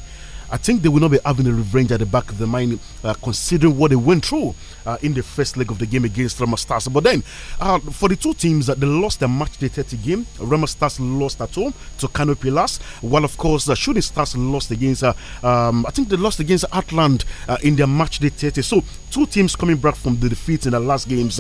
I think they will not be having a revenge at the back of their mind, uh, considering what they went through uh, in the first leg of the game against Remastas, Stars. But then, uh, for the two teams, uh, they lost their match day 30 game. Remastas Stars lost at home to Canopy last, while, of course, uh, Shooting Stars lost against, uh, um, I think they lost against Atland uh, in their match day 30. So, two teams coming back from the defeat in the last games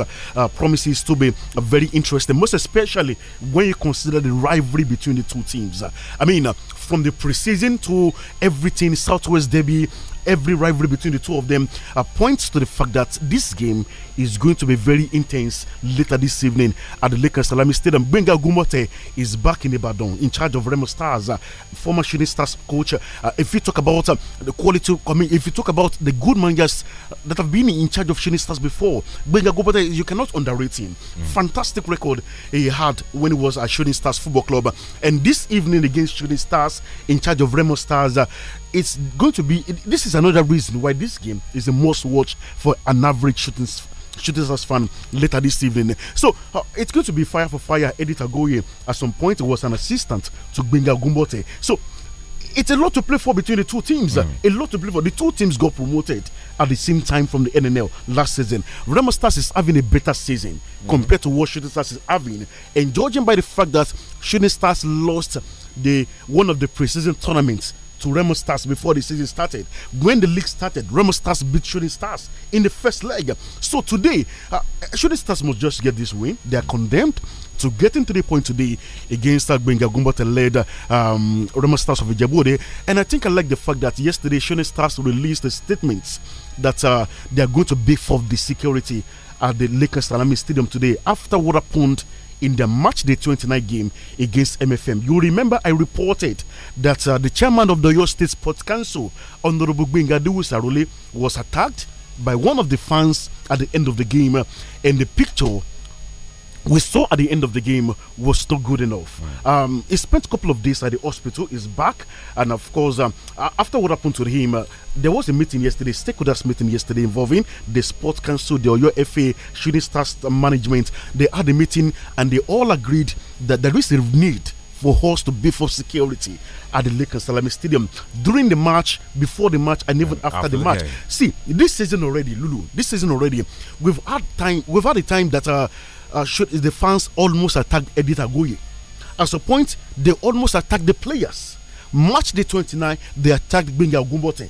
promises to be very interesting, most especially when you consider the rivalry between the two teams. I mean, from the preseason to everything, Southwest Derby every rivalry between the two of them uh, points to the fact that this game is going to be very intense later this evening at the Lakers Salami Stadium. Benga Gumote is back in Ibadan in charge of Remo Stars, uh, former shooting stars coach. Uh, if you talk about uh, the quality, coming, if you talk about the good managers that have been in charge of shooting stars before, Benga Gumote, you cannot underrate him. Mm. Fantastic record he had when he was at Shooting Stars Football Club. And this evening against Shooting Stars in charge of Remo Stars, uh, it's going to be, it, this is another reason why this game is a must watch for an average shooting shooting stars fan later this evening. So uh, it's going to be fire for fire. Editor Goye at some point was an assistant to Benga Gumbote. So it's a lot to play for between the two teams. Mm. A lot to play for. The two teams got promoted at the same time from the NNL last season. Remo Stars is having a better season mm. compared to what Shooting Stars is having. And judging by the fact that Shooting Stars lost the one of the preseason tournaments to Remo Stars before the season started. When the league started, Remo Stars beat Shooting Stars in the first leg. So today, uh, Shooting Stars must just get this win. They are condemned to getting three points today against Agbenga gumbata led um, Remo Stars of Ijebode. And I think I like the fact that yesterday Shooting Stars released a statement that uh, they are going to beef up the security at the Lakers Salami Stadium today after what happened in the match day 29 game against MFM. You remember I reported that uh, the chairman of the Oyo State Sports Council, Honorable Benga Sarule, was attacked by one of the fans at the end of the game, uh, and the picture we saw at the end of the game was still good enough. Right. Um, he spent a couple of days at the hospital. He's back, and of course, um, after what happened to him, uh, there was a meeting yesterday, stakeholders meeting yesterday involving the Sports Council, the Oyo FA, Shooting Stars management. They had a meeting, and they all agreed that there is a need for host to beef for security at the Lake Salami Stadium during the match, before the match, and even after, after, the, the match. Game. See, this season already, Lulu. This season already, we've had time. We've had a time that. Uh, uh, showed is the fans almost attacked Edith Agoye. as a point, they almost attacked the players. March the 29, they attacked Benga Gumbote.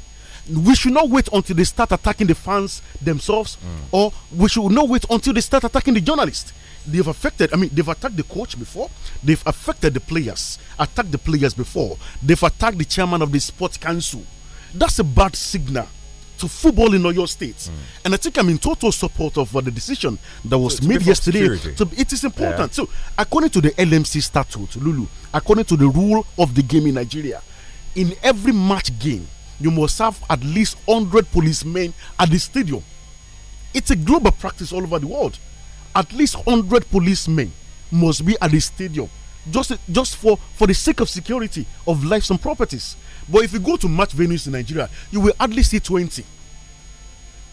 We should not wait until they start attacking the fans themselves, mm. or we should not wait until they start attacking the journalists. They've affected, I mean, they've attacked the coach before, they've affected the players, attacked the players before, they've attacked the chairman of the sports council. That's a bad signal to football in Oyo State. Mm. And I think I'm in total support of uh, the decision that was so made yesterday. To, it is important. Yeah. So, according to the LMC statute, Lulu, according to the rule of the game in Nigeria, in every match game, you must have at least 100 policemen at the stadium. It's a global practice all over the world. At least 100 policemen must be at the stadium just, just for, for the sake of security of lives and properties. But if you go to match venues in Nigeria, you will hardly see 20.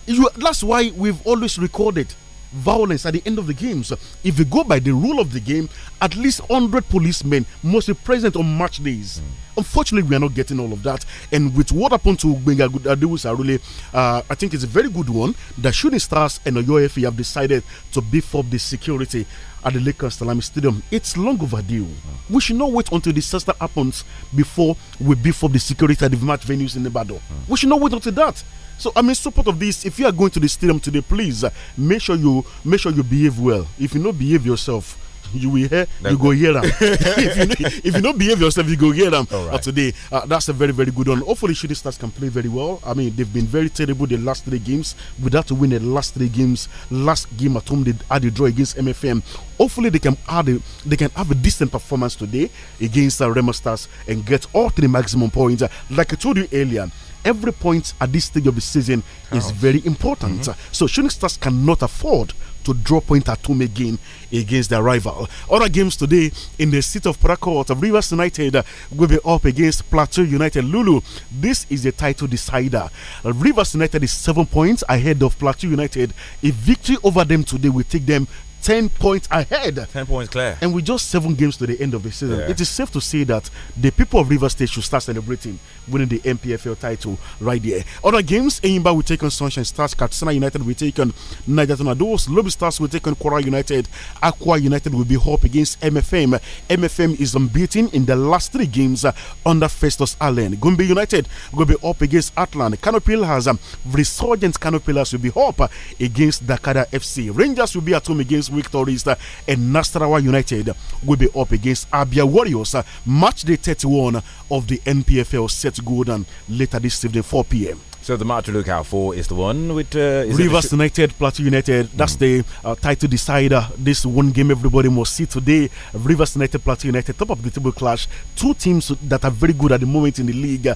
You, that's why we've always recorded violence at the end of the games. If you go by the rule of the game, at least 100 policemen must be present on match days. Mm. Unfortunately, we are not getting all of that. And with what happened to Benga Adewu Sarule, uh, I think it's a very good one that Shooting Stars and Oyo have decided to beef up the security at the Lakers Salami Stadium. It's long overdue. We should not wait until disaster happens before we beef up the security at the match venues in Nevada. Oh. We should not wait until that. So I'm in support of this. If you are going to the stadium today, please uh, make sure you make sure you behave well. If you not behave yourself, you will hear, you go hear them. [LAUGHS] if, you, if you don't behave yourself, you go hear them. Right. But today, uh, that's a very, very good one. Hopefully, Shooting Stars can play very well. I mean, they've been very terrible the last three games. Without to win the last three games, last game at home they had a draw against MFM. Hopefully, they can add a, they can have a decent performance today against the uh, Stars and get all three maximum points. Uh, like I told you earlier every point at this stage of the season is very important. Mm -hmm. So Shooting Stars cannot afford to draw point at home again against their rival. Other games today in the seat of Port of Rivers United will be up against Plateau United Lulu. This is the title decider. Rivers United is seven points ahead of Plateau United. A victory over them today will take them 10 points ahead. 10 points clear. And we just seven games to the end of the season. Yeah. It is safe to say that the people of River State should start celebrating winning the MPFL title right there. Other games, Eimba will take on Sunshine Stars, Katsina United will take on Niger Tornadoes, Lobby Stars will take on Quora United, Aqua United will be up against MFM. MFM is unbeaten in the last three games uh, under Festus Allen. Gumbi United will be up against Atlant. Canopy has um, uh, resurgent Canopy will be up uh, against Dakada FC. Rangers will be at home against week and uh, Nasarawa United will be up against Abia Warriors. Uh, match day 31 of the NPFL set golden later this evening, 4 p.m. So the match to look out for is the one with uh, Rivers United, Plateau United. That's mm. the uh, title decider. This one game everybody must see today. Rivers United, Plateau United, top of the table clash. Two teams that are very good at the moment in the league.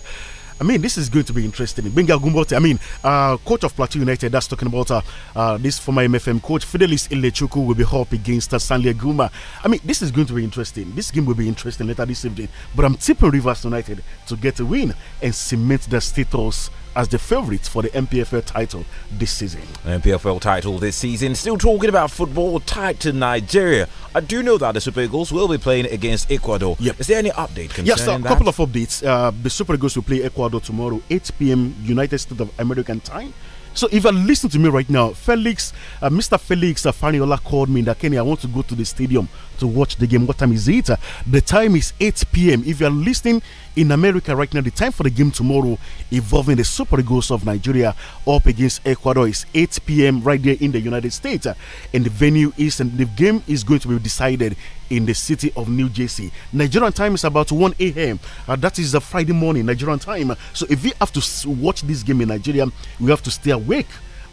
I mean, this is going to be interesting. Benga Gumbote, I mean, uh, coach of Plateau United, that's talking about uh, uh, this former MFM coach, Fidelis Ilechuku, will be up against uh, Stanley Guma. I mean, this is going to be interesting. This game will be interesting later this evening. But I'm tipping Rivers United to get a win and cement their status as the favourites for the MPFL title this season. MPFL title this season. Still talking about football tied to Nigeria. I do know that the Super Eagles will be playing against Ecuador. Yep. Is there any update concerning yes, sir, a couple of updates. Uh, the Super Eagles will play Ecuador tomorrow, 8 p.m. United States of American time. So if you listen to me right now, Felix, uh, Mr. Felix Afaniola called me in that Kenya. I want to go to the stadium to watch the game. What time is it? The time is 8 p.m. If you are listening in America right now, the time for the game tomorrow involving the Super Eagles of Nigeria up against Ecuador is 8 p.m. right there in the United States. And the venue is, and the game is going to be decided in the city of New Jersey. Nigerian time is about 1 a.m. Uh, that is a Friday morning, Nigerian time. So if you have to watch this game in Nigeria, we have to stay awake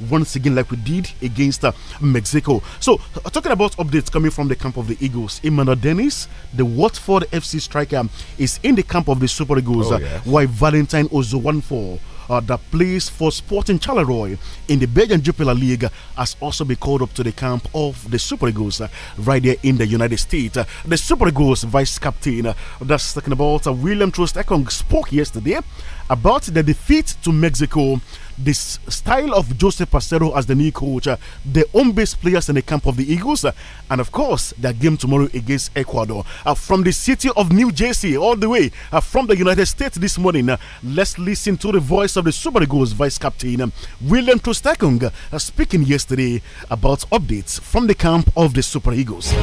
once again, like we did against uh, Mexico. So, uh, talking about updates coming from the camp of the Eagles, Emmanuel Dennis, the Watford FC striker, is in the camp of the Super Eagles, oh, uh, yes. while Valentine 4, Uh, that plays for Sporting Charleroi in the Belgian Jupiler League uh, has also been called up to the camp of the Super Eagles uh, right there in the United States. Uh, the Super Eagles vice captain, uh, that's talking about William Trostekong, spoke yesterday about the defeat to Mexico the style of Joseph Pacero as the new coach, uh, the home based players in the camp of the Eagles, uh, and of course, their game tomorrow against Ecuador. Uh, from the city of New Jersey, all the way uh, from the United States this morning, uh, let's listen to the voice of the Super Eagles vice captain, um, William Trostakung, speaking yesterday about updates from the camp of the Super Eagles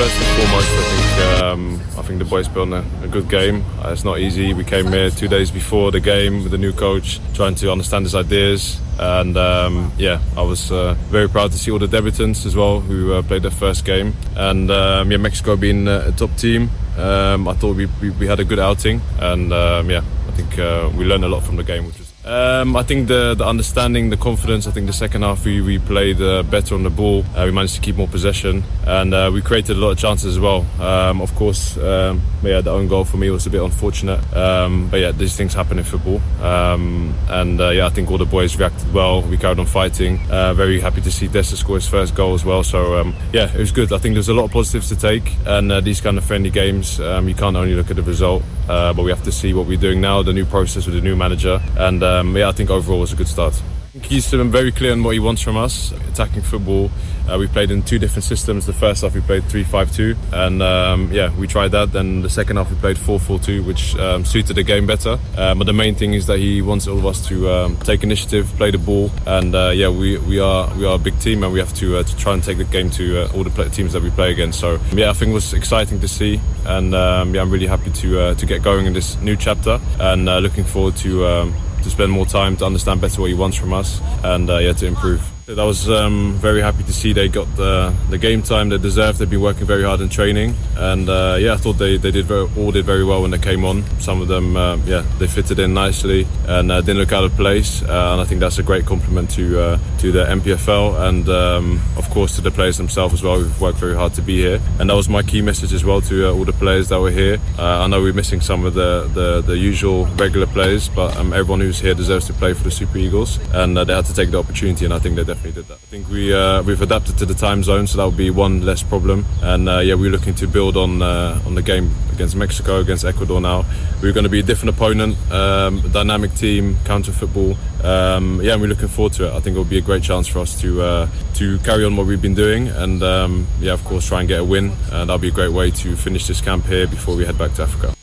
first and foremost, I think um, I think the boys built a, a, good game. Uh, it's not easy. We came here two days before the game with a new coach, trying to understand his ideas. And um, yeah, I was uh, very proud to see all the debutants as well who uh, played their first game. And um, yeah, Mexico being a top team, um, I thought we, we, we, had a good outing. And um, yeah, I think uh, we learned a lot from the game. Um, I think the, the understanding, the confidence. I think the second half we, we played uh, better on the ball. Uh, we managed to keep more possession and uh, we created a lot of chances as well. Um, of course, um, yeah, the own goal for me was a bit unfortunate. Um, but yeah, these things happen in football. Um, and uh, yeah, I think all the boys reacted well. We carried on fighting. Uh, very happy to see Desta score his first goal as well. So um, yeah, it was good. I think there's a lot of positives to take. And uh, these kind of friendly games, you can't only look at the result, but we have to see what we're doing now, the new process with the new manager. and um, yeah, I think overall was a good start. He's been very clear on what he wants from us. Attacking football, uh, we played in two different systems. The first half we played 3-5-2, and um, yeah, we tried that. Then the second half we played 4-4-2, which um, suited the game better. Uh, but the main thing is that he wants all of us to um, take initiative, play the ball, and uh, yeah, we, we are we are a big team, and we have to, uh, to try and take the game to uh, all the teams that we play against. So yeah, I think it was exciting to see, and um, yeah, I'm really happy to to get going in this new chapter, and looking forward to um, to spend more time to understand better what he wants from us and uh, yeah to improve. I was um, very happy to see they got the, the game time they deserved. They've been working very hard in training, and uh, yeah, I thought they, they did very, all did very well when they came on. Some of them, uh, yeah, they fitted in nicely and uh, didn't look out of place. Uh, and I think that's a great compliment to uh, to the MPFL and um, of course to the players themselves as well. We've worked very hard to be here, and that was my key message as well to uh, all the players that were here. I know we're missing some of the the, the usual regular players, but um, everyone who's here deserves to play for the Super Eagles, and they had to take the opportunity, and I think they definitely definitely did that. I think we uh, we've adapted to the time zone, so that would be one less problem. And uh, yeah, we're looking to build on uh, on the game against Mexico, against Ecuador. Now we're going to be a different opponent, um, dynamic team, counter football. Um, yeah, and we're looking forward to it. I think it'll be a great chance for us to uh, to carry on what we've been doing, and um, yeah, of course, try and get a win. Uh, that'll be a great way to finish this camp here before we head back to Africa.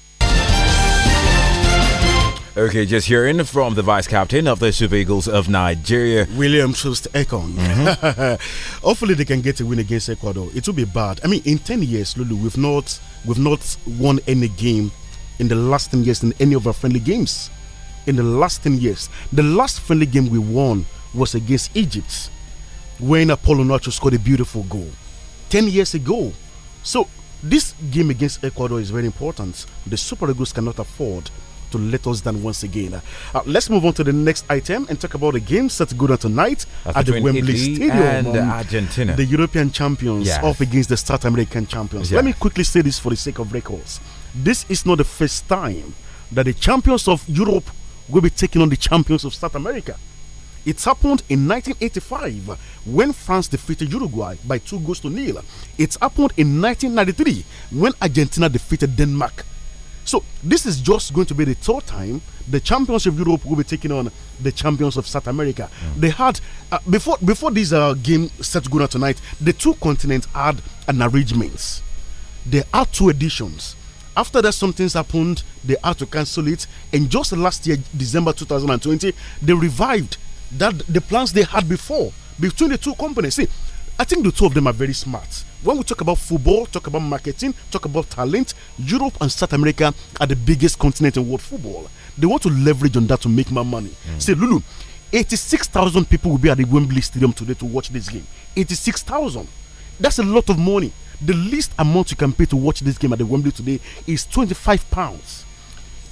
Okay, just hearing from the vice captain of the Super Eagles of Nigeria, William Troost Ekong. Mm -hmm. [LAUGHS] Hopefully, they can get a win against Ecuador. It will be bad. I mean, in ten years, Lulu, we've not we've not won any game in the last ten years in any of our friendly games. In the last ten years, the last friendly game we won was against Egypt, when Apollo Nacho scored a beautiful goal ten years ago. So this game against Ecuador is very important. The Super Eagles cannot afford to let us down once again. Uh, let's move on to the next item and talk about the game set good on tonight at the Wembley Italy Stadium. And um, Argentina. The European champions yes. up against the South American champions. Yes. Let me quickly say this for the sake of records. This is not the first time that the champions of Europe will be taking on the champions of South America. It happened in 1985 when France defeated Uruguay by two goals to nil. It happened in 1993 when Argentina defeated Denmark so this is just going to be the third time the champions of Europe will be taking on the champions of South America. Mm. They had uh, before before this uh, game set to go on tonight. The two continents had an arrangement. There are two editions. After that, something's happened. They had to cancel it. And just last year, December 2020, they revived that the plans they had before between the two companies. See, I think the two of them are very smart. When we talk about football, talk about marketing, talk about talent, Europe and South America are the biggest continent in world football. They want to leverage on that to make more money. Mm. Say, Lulu, 86,000 people will be at the Wembley Stadium today to watch this game. 86,000. That's a lot of money. The least amount you can pay to watch this game at the Wembley today is 25 pounds.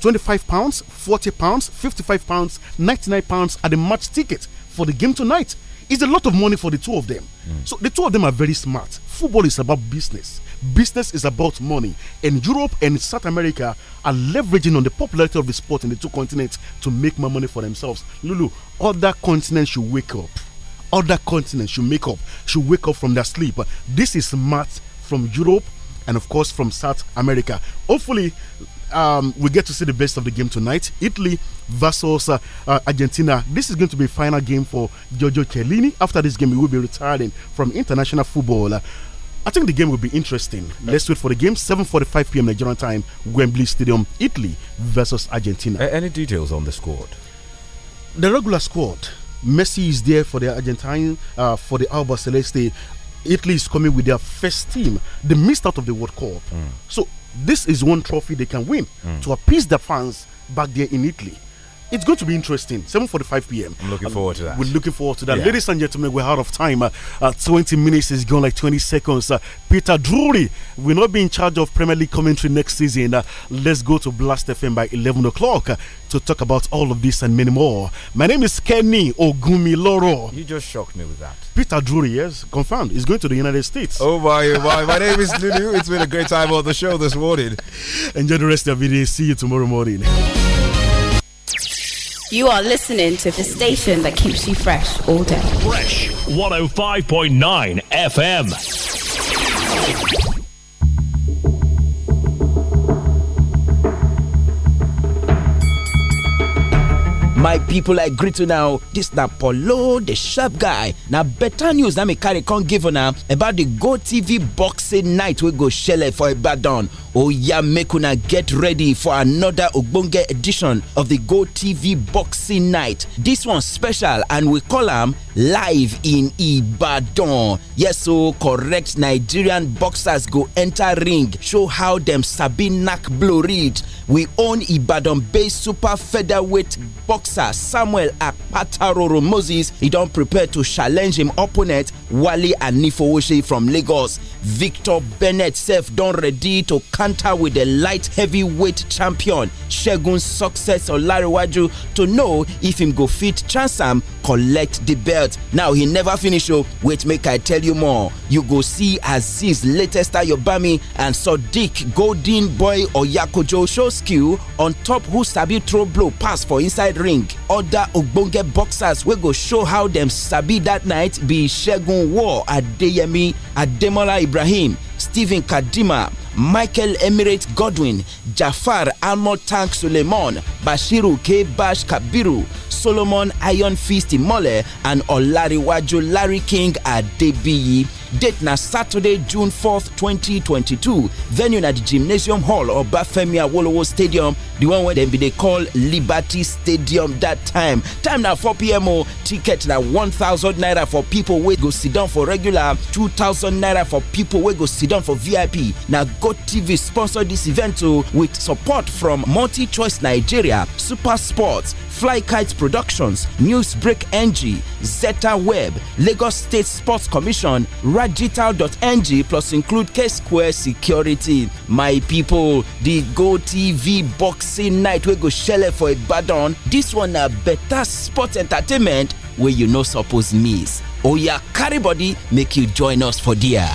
25 pounds, 40 pounds, 55 pounds, 99 pounds are the match ticket for the game tonight. It's a lot of money for the two of them. Mm. So the two of them are very smart. Football is about business. Business is about money. And Europe and South America are leveraging on the popularity of the sport in the two continents to make more money for themselves. Lulu, other continents should wake up. Other continents should make up, should wake up from their sleep. This is smart from Europe and of course from South America. Hopefully, um, we get to see the best of the game tonight. Italy versus uh, uh, Argentina. This is going to be a final game for Giorgio Cellini. After this game, he will be retiring from international football. Uh, I think the game will be interesting. Let's wait for the game. 7:45 p.m. Nigerian time, Wembley Stadium, Italy versus Argentina. any details on the squad? The regular squad. Messi is there for the Argentine, uh, for the Alba Celeste. Italy is coming with their first team. They missed out of the World Cup, mm. so this is one trophy they can win mm. to appease the fans back there in Italy it's going to be interesting. 7:45 p.m. I'm looking forward to that. We're looking forward to that, yeah. ladies and gentlemen. We're out of time. Uh, uh, 20 minutes is gone like 20 seconds. Uh, Peter Drury will not be in charge of Premier League commentary next season. Uh, let's go to Blast FM by 11 o'clock uh, to talk about all of this and many more. My name is Kenny Ogumiloro. You just shocked me with that. Peter Drury, yes, confirmed. He's going to the United States. Oh my, oh, my, my name is Lulu. It's been a great time on the show this morning. [LAUGHS] Enjoy the rest of the video. See you tomorrow morning. You are listening to the station that keeps you fresh all day. Fresh 105.9 FM. my people i greet you now This Napolo, polo the sharp guy Now better news na me carry can't give una about the go tv boxing night we go shele for a ibadan Oh yeah, make una get ready for another Ogbonge edition of the Go TV Boxing Night. This one's special and we call them live in Ibadan. Yes, so correct Nigerian boxers go enter ring, show how them sabi knack blow read. We own Ibadan-based super featherweight boxer Samuel Apataroro Moses. He don't prepare to challenge him opponent Wale Anifowoshe from Lagos. Victor Bennett self don't ready to come encounter with the light heavyweight champion Shegun Success Olarewaju to know if him go fit chance am collect the belt. Now he never finish o. Oh. Wait make I tell you more. You go see Azeez latest Ayobami and Sodiq Golden Boy Oyakojo show skill on top who sabi throw blow pass for inside ring. Other ogbonge boxers wey go show how dem sabi that night be Shegun War Adeyemi Ademola Ibrahim stephen kadima michael emirate godwin jafar ahmed tank suleiman bashiru k bash kabiru solomon iron fist imole and ọ̀làríwájú larry king adebiyi date na saturday june 4th 2022 venue na the gymnasium hall of bafemi awolowo stadium the one wey dem bin dey call liberty stadium That time time na 4pm o ticket na 1000 naira for people we go sit down for regular 2000 naira for people we go sit down for vip na gotv sponsor this event o oh, with support from multi choice nigeria super sports Flykite Productions, Newsbreak NG, Zeta Web, Lagos State Sports Commission, Radital.ng plus include K Square Security. My people, the Go TV Boxing Night wey go shele for Ibadan, this one na better sport entertainment wey you no suppose miss. Oya carry body make you join us for there.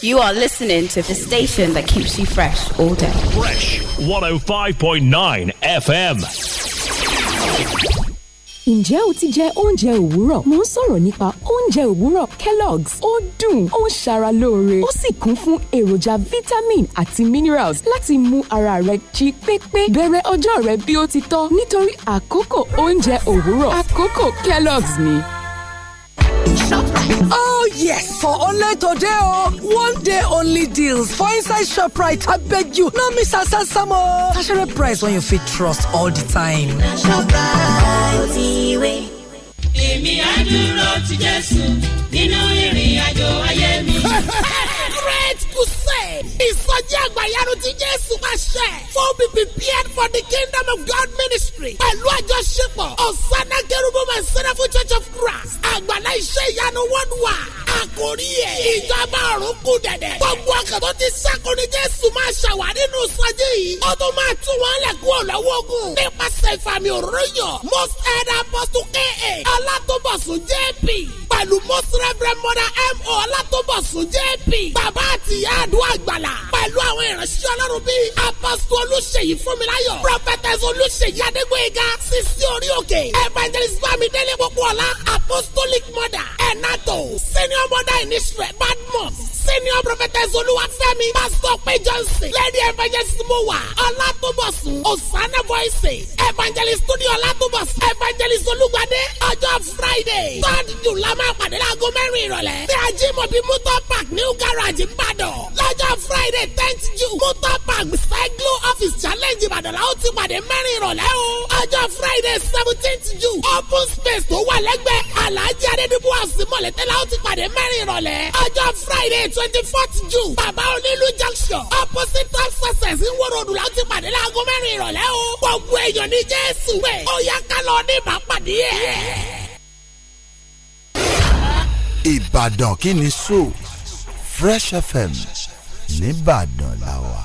You are listening to the station that keeps you fresh all day. Fresh 105.9 FM. Ǹjẹ́ o ti jẹ oúnjẹ òwúrọ̀? Mo ń sọ̀rọ̀ nípa oúnjẹ òwúrọ̀ Kellogg's. Ó dùn, ó ń ṣara lóore, ó sì kún fún èròjà vitamin àti minerals láti mú ara rẹ jí pépé. Bẹ̀rẹ̀ ọjọ́ rẹ bí ó ti tọ́ nítorí àkókò oúnjẹ òwúrọ̀. Àkókò Kellogg's ni. Oh yes, for only today oh, one day only deals for inside ShopRite. I beg you, no miss Asasamo. Oh. Tashere price when you feel trust all the time. Èmi ti Jésù nínú ìrìn àjò ayé mi. [LAUGHS] Great crusade. Ìsọjí àgbàyanu ti Jésù máa ṣẹ. Fún be prepared for the kingdom of God ministry. Pẹ̀lú àjọṣepọ̀ Ọ̀sánà Kérúbù Mẹ̀sánàfù Church of Christ. Àgbàlá iṣẹ́ ìyanu worldwide. Àkòrí ẹ̀. Ìjọba ọ̀run kù dẹ̀dẹ̀. Gbogbo ọkàn tó ti sákòrí Jésù máa ṣàwárí nù sọjí yìí. Ó tún máa tún wọn lẹ̀ kú ọ̀lọ́wọ́ ogun. Nípasẹ̀ ìfàmì òróró yàn. Most head apostle K.A. Ọlátúbọ̀sùn J.P. Pẹ̀lú most reverend mother M.O. Ọlátúbọ̀sùn J.P. Bàb bàbá àti ìyá àdúrà gbàlà pẹ̀lú àwọn ìránṣẹ́ ọlọ́run bíi apọ́sítù olùṣèyí fúnmiláyọ̀ prọfẹtẹsì olùṣèyí adégbòyega sisi orí òkè evangelist bámidélé gbogbo ọ̀la apostolic mother ẹ̀nàtò senior mother in israel badmus senior prophetess olúwàsẹ́mi pásítọ̀ pé johnson lady evangelist mowa ọlátúbọ̀sùn osana voices evangelist studio ọlátúbọ̀sùn evangelist olúgbadé ọjọ́ friday third july máa pàdé láago mẹ́rin ìrọ̀lẹ́ ní ajimobi motor park new garage ìbàdàn lọ́jọ́ friday tenth june motor park cyclo office challenge ìbàdàn làwọn ti pàdé mẹ́rin ìrọ̀lẹ́ o ọjọ́ friday seventeenth june open space tó wà lẹ́gbẹ̀ẹ́ alhaji adedibu asimọ̀lẹ́tẹ́lá ó ti pàdé mẹ́rin ìrọ̀lẹ́ ọjọ́ friday twenty fourth june bàbá onílù junction opposite tax success ń wọ́rọ̀ òdùlà ti pàdé láago mẹ́rin ìrọ̀lẹ́ o gbogbo èèyàn ní jésù pé ó yá ká lọ ní ìbápàdé ẹ̀. ìbàdàn kí ni so fresh fm nìbàdàn làwà.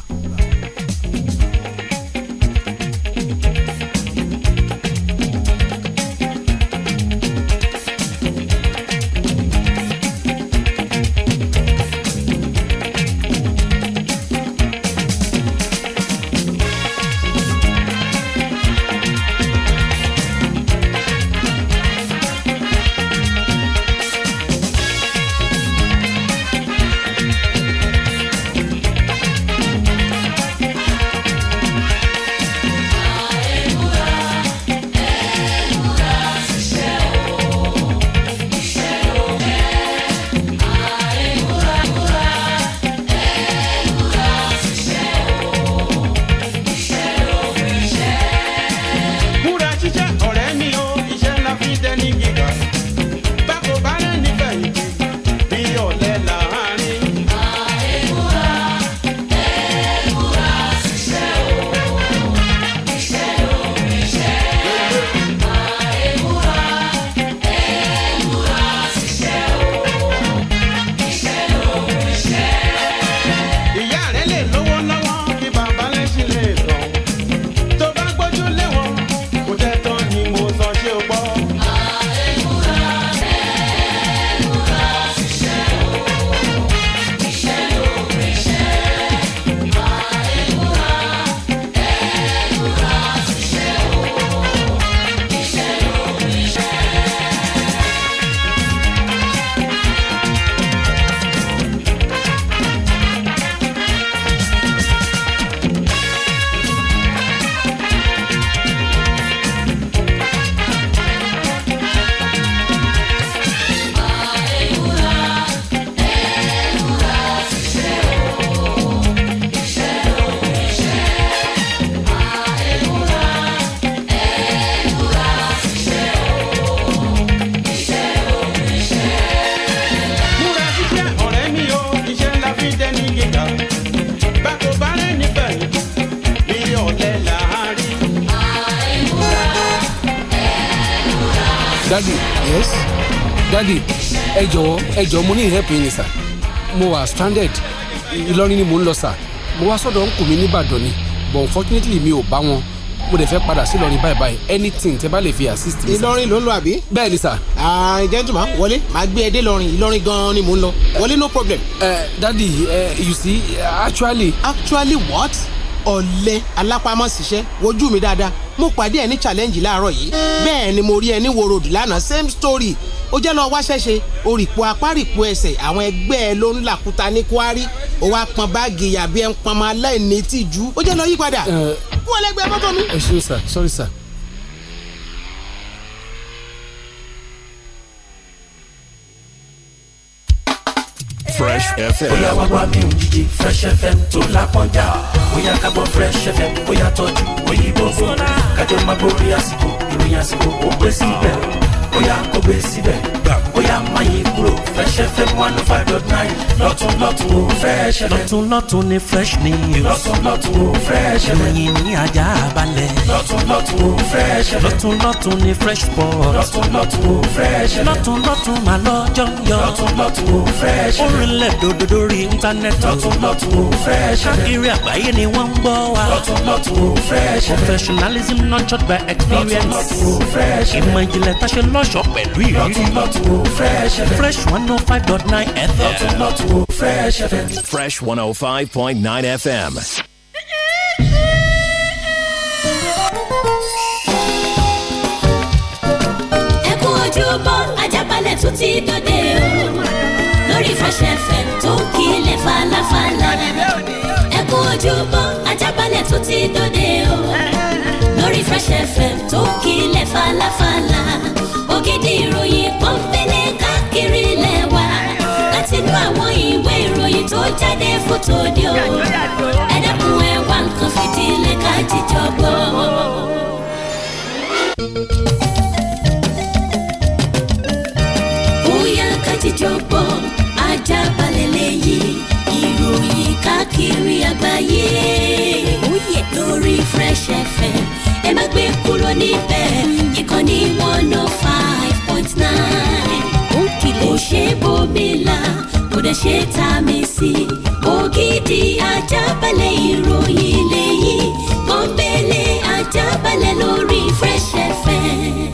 Ìlọrin ni mò ń lọ sà mo wá sọ́dọ̀ ńkù mi nìbàdàn ni but unfortunately mi ò bá wọn mo dẹ̀ fẹ́ padà sí Ìlọrin báyìí báyìí anything tẹ bá lè fi assist mi. Ìlọrin ló ń lọ àbí. bẹ́ẹ̀ ni sà. ààrin gentleman wọlé màá gbé ẹ dé Ìlọrin Ìlọrin gan ni mò ń lọ wọlé no problem. ẹ eh, dadi eh, you see actually. actually what? ọ̀lẹ alápámọ́síṣẹ́ wojú mi dáadáa mo pàdé ẹ challenge láàárọ̀ yìí bẹ́ẹ̀ ni mo rí ẹ wo road lánàá same story ó jẹ́ lọ́ọ́ wáṣẹ́ṣe orìpò apárìpò ẹsẹ̀ àwọn ẹgbẹ́ ẹ ló ń làkúta ní kwari ó wá pọn báàgì yàbí ẹ ń pọn ọmọ aláìní tìjú ó jẹ́ lọ́ọ́ yípadà kú ọlẹ́gbẹ́ mọ́tò mi. ẹ ṣeun sir sorry sir bóyá wá wá mi ò jíjẹ Fresh FM tó lápọ́njà bóyá kábọ̀ Fresh FM bóyá tọ́jú òyìnbó gbòòrò kájọ máa borí àsìkò ìròyìn àsìkò ó gbé síbẹ̀ bóyá kò gbé síbẹ̀ bóyá mayi kúrò Fresh FM one oh five dot nine lọ́tún lọ́tún ó Fresh FM. lọ́tún lọ́tún ni fresh news. lọ́tún lọ́tún ó Fresh FM. ròyìn ní ajá balẹ̀. lọ́tún lọ́tún ó Fresh FM. lọ́tún lọ́tún ni fresh sport. lọ́tún lọ́tún ó Fresh FM. lọ́tún lọ́tún mà lọ́jọ́ ń yọ. lọ́tún lọ́tún ó Fresh FM. orinlẹ̀ dòdò lórí íńtánẹ́ẹ̀tì. lọ́tún Fresh FM. káàkiri Fresh FM. professionalism Fresh lọ́ pẹ̀lú ìrírí. fresh fm. fresh one oh five fm. lọ́tùnlọ́tùn ó fresh fm. fresh one oh five point nine fm. ẹkún ojúbọ ajábalẹ̀ tún ti dòde o lórí fresh fm tó ń kílẹ̀ falafala ẹkún ojúbọ ajábalẹ̀ tún ti dòde o lórí fresh fm tó kílẹ̀ falafala. ògidì ìròyìn kan fẹlẹ̀ káàkiri ilẹ̀ wa láti inú àwọn ìwé ìròyìn tó jáde fótó di o ẹ dákun nǹkan fìdílé ká jíjọ gbọ́. bóyá ká jíjọ gbọ́ ajá balẹ̀ lẹ́yìn ìròyìn káàkiri àgbáyé lórí Fresh FM ẹ má gbé kúrò níbẹ̀ ìkànnì one oh five point nine. ó kìlẹ̀ kò ṣe bòmílà kò dẹ̀ ṣe tá a mi sí. ògidì ajábalẹ̀ ìròyìn lẹ́yìn gbọ̀ngbẹ̀lẹ̀ ajábalẹ̀ lórí Fresh FM.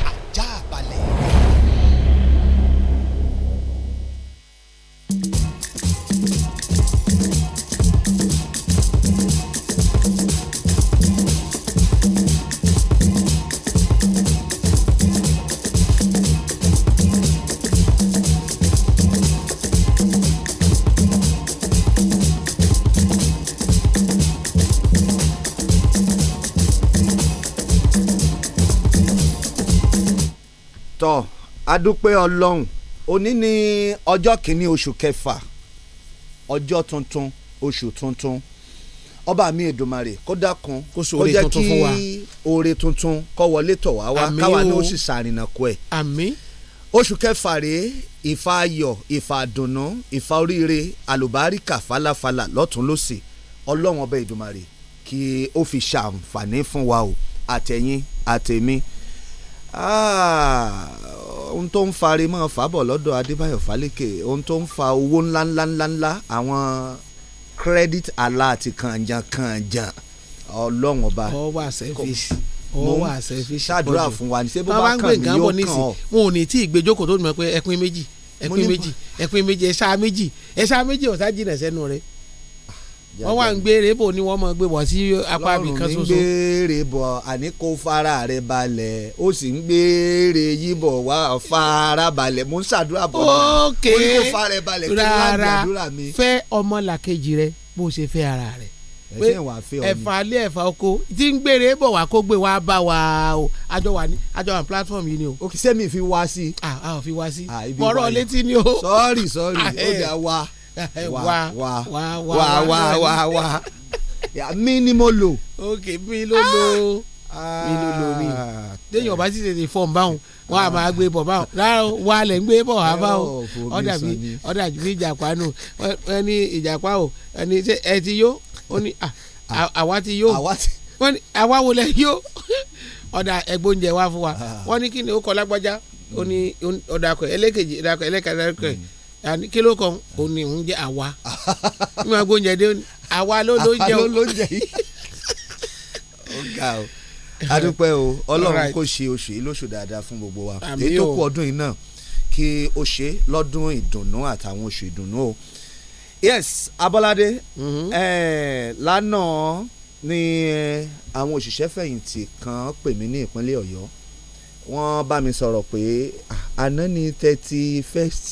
adúpẹ́ ọlọ́run òní ni ọjọ́ kìíní oṣù kẹfà ọjọ́ tuntun oṣù tuntun ọba mi Èdùmàrè kó dákun kó jẹ́ kí oore tuntun kó wọlé tọ̀ wá wá káwa ní ó sì sàrìnà kú ẹ̀. àmín. oṣù kẹfà rèé ìfà ayọ̀ ìfà àdùnnú ìfà oríire àlùbáríkà falafala lọ́tún lọ́sì ọlọ́run ọba Èdùmàrè kí ó fi ṣàǹfààní fún wa o àtẹ̀yìn àtẹ̀mí ah, ohun tó ń fa arimọ́ fàbọ̀ lọ́dọ̀ Adébáyọ̀ Fálékè ohun tó ń fa owó ńlá ńlá ńlá ńlá àwọn credit alert kànjàn kànjàn ọlọ́run ọba. ọwọ́ àṣẹ́fíṣì ọwọ́ àṣẹ́fíṣì pọ̀jù ṣàdúrà fún wa ní sẹ́bọ̀ bá kàn mí yóò kàn ọ́. wọn ò ní tí ìgbẹ́jókòó tó dùn mọ́ pé ẹkùn méjì ẹkùn méjì ẹkùn méjì ẹ̀ṣá méjì ẹ̀ṣá méjì ọ̀sá jìnà sẹ́nu rẹ̀ wọ́n wà ń gbére bò ní wọ́n mọ̀ gbé bọ̀ sí apá abìkan ṣoṣo. lọ́rùn mi ń gbére àní kó fara rẹ̀ balẹ̀ ó sì ń gbére yìí bọ̀ wá fara balẹ̀ mo ń ṣàdúrà bọ̀ náà ó fẹ́ ọmọ làkejì rẹ bó ṣe fẹ́ ara rẹ̀ pé ẹ̀fà alẹ́ ẹ̀fà oko tí ń gbére bọ̀ wá kó gbé wá bá wa o àjọ wà ní àjọ wà ní platform yìí ni o. òkè sẹ́mi fi wá sí. a ò fi wá sí. bọ̀rọ̀ létí ni o. sọ́ọ̀rì sọ́ọ̀rì [LAUGHS] ó dà wá wá wá wá wá wá wá wá mi ni mo lò. ok mi ló lo ah. mi ló lo mi ah. téèyàn bá ti tètè fọ́ọ̀n báwọn wọn a máa gbé bọ̀ báwọn rárá wa lẹ̀ ń gbé bọ̀ wá báwọn ọ̀dà mi ọ̀dà mi ìjàpá nù ẹni ìjàpá o ẹni ẹ ti yó ó ní àwa ti yó wọ́n ní àwa wo lẹ yó [LAUGHS] ọ̀dà ẹ̀gbọ́njẹ wa fún wa ah. wọ́n ní kí ni ó kọ́ lágbájá ó ní ọ̀dà kọ̀ ẹlẹ́kẹ̀jì ọ̀dà kọ̀ ẹlẹ́kẹ̀jì kí ló kàn ó ní òun jẹ́ àwa [LAUGHS] mi máa gbóúnjẹ dé àwa ló ló jẹ o. àwa ló jẹ yìí [LAUGHS] ó ga o adúpẹ́ o ọlọ́run kò ṣe oṣù yìí lóṣù dáadáa fún gbogbo wa èyí tó kù ọdún yìí náà kí o ṣe lọ́dún ìdùnnú àtàwọn oṣù ìdùnnú o yes Abọ́ládé mm-hmm. lánàá ni àwọn òṣìṣẹ́ fẹ̀yìntì kan pè mí ní ìpínlẹ̀ Ọ̀yọ́ wọ́n bá mi sọ̀rọ̀ pé àná ni thirty first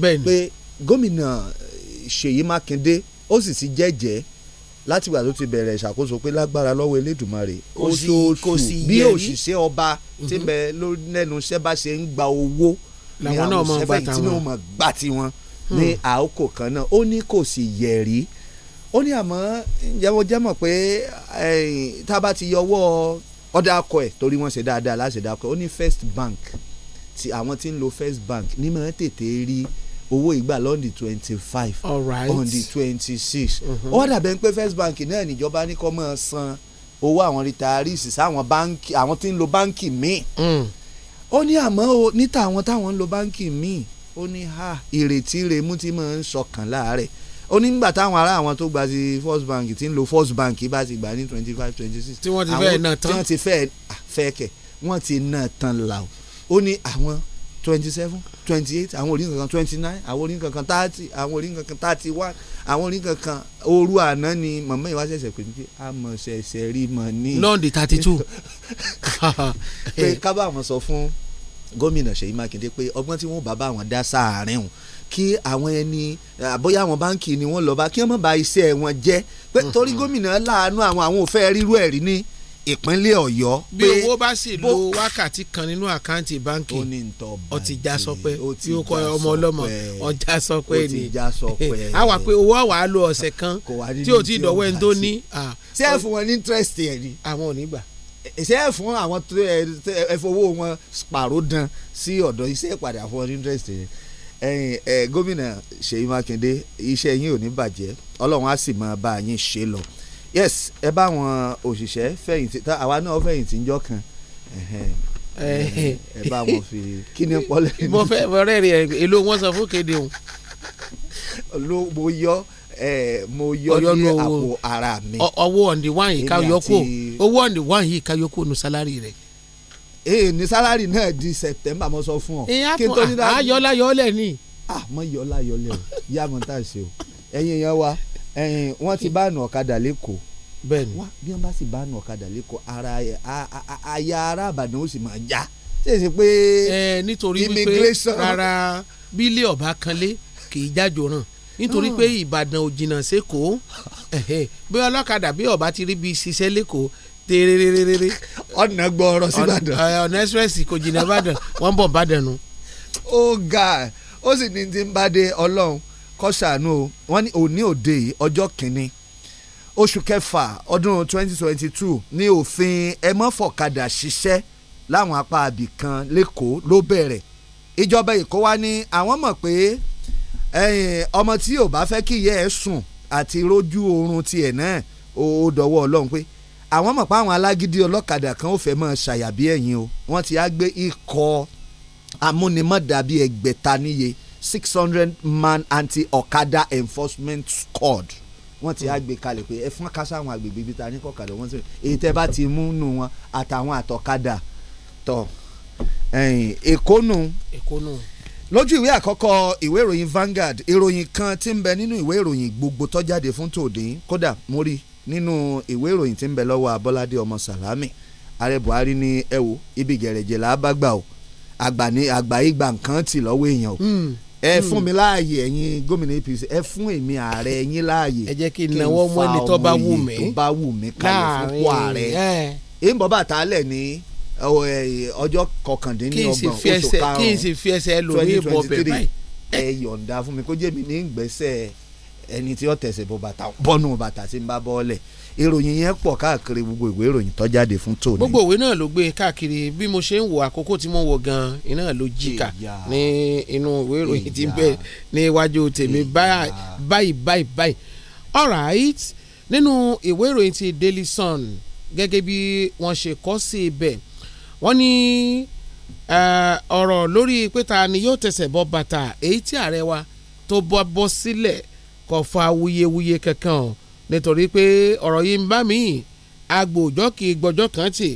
pé gómìnà eh, Ṣèyí Mákindé ó sì ti jẹ́jẹ́ látìgbà tó ti bẹ̀rẹ̀ ìṣàkóso pé lágbára lọ́wọ́ Elédùmarè oṣooṣù bí òṣìṣẹ́ ọba tí bẹ lẹ́nu iṣẹ́ bá ṣe ń gba owó ni àwọn òṣìṣẹ́ tí wọ́n mọ̀ gbà tiwọn hmm. ní àkókò kan náà ó ní kò sì yẹ̀rí ó ní àmọ́ jẹ́wọ́ jẹ́mọ̀ pé eh, tá a bá ti yọwọ́ ọ̀dà akọ ẹ̀ torí wọ́n ṣe dáadáa láṣẹ dáa akọ ó ní First Bank ti àwọn tí ń lo First Bank ní mọ̀ tètè rí owó ìgbà lọ́ndì twenty five on the twenty six mm-hmm. ó wá dàbẹ̀ pé first bank náà níjọba ní kó máa san owó àwọn retirees sáwọn báńkì àwọn tí ń lo báńkì míì mm. ó ní àmọ́ o níta àwọn táwọn ń lo báńkì míì ó ní ha ìrètí remú tí máa ń sọkàn láàárẹ̀ ó ní nígbà táwọn ará àwọn tó gba ti first bank tí ń lo first bank bá ti gbà ní twenty five twenty six tí wọ́n ti fẹ́ẹ́ nà tán tí wọ́n ti fẹ́ẹ́ fẹ́ẹ́ kẹ̀ wọ́n ti nà tán là ó ní àwọn twenty seven twenty eight àwọn orí kankan twenty nine àwọn orí kankan thirty àwọn orí kankan thirty one àwọn orí kankan òru àná ni màmá yìí wá ṣẹ̀ṣẹ̀ pé ní àmọ̀ ṣẹ̀ṣẹ̀ rí mọ̀ ní. lọ́ọ̀dì thirty two. [LAUGHS] pé kábà wọn sọ fún gómìnà Ṣèyí Mákindé pé ọgbọ́n tí wọ́n bá bá wọn dá sáàárín wọn kí àwọn ẹni àbóyá àwọn báǹkì ni wọ́n lọ bá kí wọ́n má bà iṣẹ́ wọn jẹ́ pé mm-hmm. torí gómìnà láàánú àwọn àwọn ò rírú ẹ̀rí ní ìpínlẹ̀ ọ̀yọ́ pé bí owó bá sì lo wákàtí kan nínú àkáǹtì báǹkì ó ti já sọpẹ́ tí ó kọ́ ọmọ ọlọ́mọ ó já sọpẹ́ ni [LAUGHS] a wà pé owó àwà á lo ọ̀sẹ̀ kan tí ò tí ìdọ̀wọ́ ẹni tó ní. ṣé ẹ fún wọn ní interest ẹ ni. àwọn ò ní gbà. ṣé ẹ fún àwọn ẹ fowó wọn pàrọ̀ dán sí ọ̀dọ̀ iṣẹ́ ìpàdé àfọwọ́ ní interest ẹ ẹyin ẹ gómìnà Ṣèyí Mákindé iṣẹ́ yín ò ní bàjẹ́ Ọlọ́run á sì máa bá yín ṣe lọ yes ẹ bá àwọn òṣìṣẹ́ fẹ̀yìntì tá àwa náà fẹ̀yìntì ń jọ kan ẹ bá wọn fi kí ni pọ́lẹ́. mo fẹ́ ọ̀rẹ́ rẹ̀ èlò wọn san fún kéde òun. ló mo yọ mo yọ ní àpò ara mi. owó ọ̀ǹdì one yìí ká yọ kó owó ọ̀ǹdì wá yìí ká yọ kó nu sálárì rẹ̀ ee ní sálárì náà di September mo sọ fún ọ. kí n tó ní dáa ayọ̀lá yọ̀ọ́lẹ̀ ni. ah mọ yọ̀ọ́lá yọ̀ọ́lẹ̀ o yá mo ta ṣe o ẹ̀yin yẹn wa wọ́n ti bá nu ọ̀kadà lẹ́kọ̀ọ́ bẹ́ẹ̀ni bí wọ́n bá sì bá nu ọ̀kadà lẹ́kọ̀ọ́ ara aya ara àbàdàn ó sì máa já ṣe é ṣe pé immigration rárá bílẹ̀ ọba kanlé kì í jájò ràn nítorí ah. pé ìbàdàn ò jìnnà bí ọlọ́kadà bí ọba ti rí bí ṣiṣẹ́ lẹ́kọ̀ọ́ ọ̀nà sí ìbàdàn. ọ̀nà kò jìnnà ìbàdàn nu. ó ga ó sì ní ti ń kọ́ ṣàánú o wọ́n ní òní òde yìí ọjọ́ kìíní oṣù kẹfà ọdún 2022 ní òfin ẹmọ́fọ̀kadà ṣiṣẹ́ láwọn apá abìkan lẹ́kọ̀ọ́ ló bẹ̀rẹ̀ ìjọba èkó wa ní àwọn mọ̀ pé ọmọ tí yóò bá fẹ́ kí ìyá ẹ̀ sùn àti rójú oorun tiẹ̀ náà ó dọwọ́ ọlọ́run pé àwọn mọ̀ pé àwọn alágídí ọlọ́kadà kan ó fẹ́ máa ṣàyàbí ẹ̀yìn o wọ́n ti á gbé ikọ̀ amúnimọ̀dàbí ẹgbẹ̀ta níye six hundred man anti ọ̀kadà enforcement squad wọ́n ti àgbè hmm. kalẹ̀ pé ẹ fún kásá àwọn àgbègbè ibi ta ní kọ̀kadà wọ́n ti èyí tẹ́ bá ti mú nù wọn àtàwọn àtọ̀kadà tọ̀ èkó nù. èkó nù. lójú ìwé àkọ́kọ́ ìwé ìròyìn Vanguard ìròyìn kan ti ń bẹ nínú ìwé ìròyìn gbogbo tó jáde fún tòde kódà mo rí nínú ìwé ìròyìn ti ń bẹ lọ́wọ́ Abọ́ládé ọmọ Sàlámì ààrẹ Buhari ní ẹ wo ibi gẹ̀rẹ̀jẹ̀ là á bá gbà o àgbà ní àgbà yìí nǹkan tì lọ́wọ́ èèyàn o hmm. ẹ hmm. fún mi láàyè ẹyin gómìnà APC ẹ fún èmi ààrẹ ẹ̀yin láàyè ẹ jẹ́ kí n náwó mọ́ ẹni tó bá wù mí tó bá ààrẹ ẹ yọ̀ǹda fún mi kó jẹ́ mi ní gbẹ́sẹ̀ ẹni tí ó tẹ̀sẹ̀ bọ́ bàtà sí ń bá bọ́ọ̀lẹ̀ ìròyìn yẹn pọ̀ káàkiri gbogbo ìwé ìròyìn tó jáde fún tòní. gbogbo ìwé náà ló gbé káàkiri bí mo ṣe ń wo àkókò tí mo wọ gan iná ló jìkà ní inú ìwé ìròyìn tí ń bẹ níwájú tèmi báyìí báyìí báyìí alright nínú ìwé ìròyìn ti Daily Sun gẹ́gẹ́ bí wọ́n ṣe kọ sí ibẹ̀ wọ́n ní ọ̀rọ̀ lórí pé ta ni yóò tẹ̀sẹ̀ bọ́ bàtà èyí tí ààrẹ wa tó bọ́ bọ́ sílẹ̀ kò fa wuyewuye kankan o nítorí pé ọ̀rọ̀ yìí ń bá mi agbòjọ́ kì í gbọ́jọ́ kan tì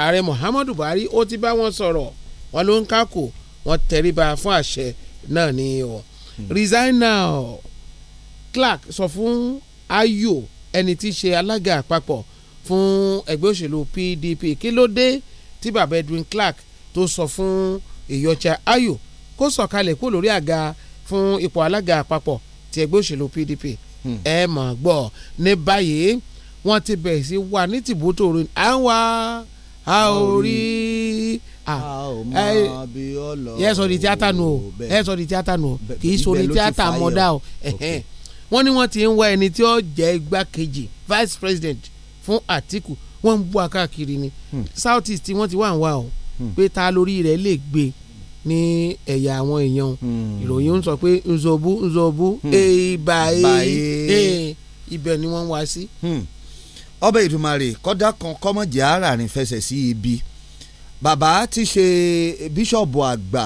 ààrẹ Muhammadu Buhari ó ti bá wọn sọ̀rọ̀ wọn ló ń kákò wọn tẹríba fún àṣẹ náà ni ọ. Hmm. resign now Clark sọ fún Ayo ẹni tí í ṣe alága àpapọ̀ fún ẹgbẹ́ òṣèlú PDP kí ló dé tí bàbá Edwin Clark tó sọ fún ìyọ̀chà Ayo kó sọ̀kalẹ̀ kó lórí àga fún ipò alága àpapọ̀ ti ẹgbẹ́ òṣèlú PDP ẹ mọ̀ gbọ́ ní báyìí wọ́n ti bẹ̀rẹ̀ sí wà ní tìbútò rẹ̀ à ń wá a ò rí a ò mọ bí ọlọ́run yẹ sọ di tíátà nù o yẹ sọ di tíátà nù o kì í sọ di tíátà mọ́dá o wọ́n ní wọ́n ti ń wá ẹni tí ó jẹ́ igbákejì vice president fún Àtìkù wọ́n ń bú akáàkiri ni hmm. south east wọ́n ti wà ń wá o hmm. pé ta lórí rẹ̀ lè gbé e ní ẹ̀yà àwọn èèyàn hmm. ìròyìn ń sọ pé nzobu nzobu èèbà hmm. èè ibẹ̀ ni wọ́n wá sí. Hmm. ọbẹ̀ ìdùmarè kọ́dá kan kọ́mọ̀jẹ̀ aráàrin fẹsẹ̀ sí ibi bàbá ti ṣe bíṣọ̀bù àgbà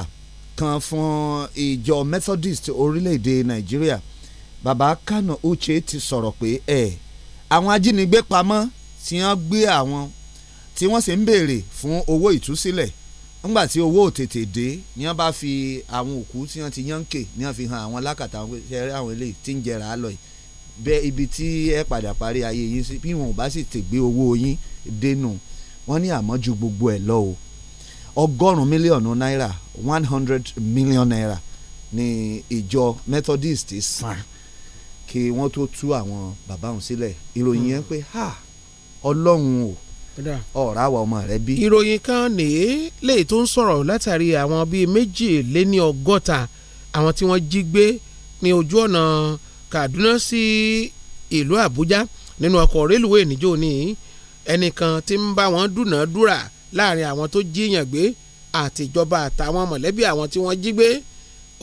kan fún ìjọ Methodist orílẹ̀-èdè Nàìjíríà bàbá Kanu Uche ti sọ̀rọ̀ pé ẹ̀ àwọn ajínigbé pamọ́ tí wọ́n gbé àwọn tí wọ́n sì ń béèrè fún owó ìtúsílẹ̀ ńgbà tí owó tètè dé ni wọ́n bá fi àwọn òkú tí wọ́n ti yànkè ni wọ́n fi hàn àwọn lákàtà àwọn eléyìí tí ń jẹrà á lọ yìí bẹ ibi tí ẹ padà parí ayé yín sí bí wọn ò bá sì tègbé owó yín dénú wọ́n ní àmọ́ ju gbogbo ẹ̀ lọ o ọgọ́rùn-ún mílíọ̀nù náírà one hundred million naira ni ìjọ Methodist san kí wọ́n tó tú àwọn bàbá òun sílẹ̀ ìròyìn yẹn pé ha ọlọ́run o ọ̀rá wa ọmọ rẹ bí. ìròyìn kan nìyí léyìí tó ń sọ̀rọ̀ látàrí àwọn bíi méjì lé ní ọgọ́ta àwọn tí wọ́n jí gbé ní ojú ọ̀nà Kaduna sí ìlú Àbújá nínú ọkọ̀ rélùwé níjó ní ẹnìkan tí ń bá wọn dúnàádúrà láàrin àwọn tó jíyàn gbé àtìjọba àtàwọn mọ̀lẹ́bí àwọn tí wọ́n jí gbé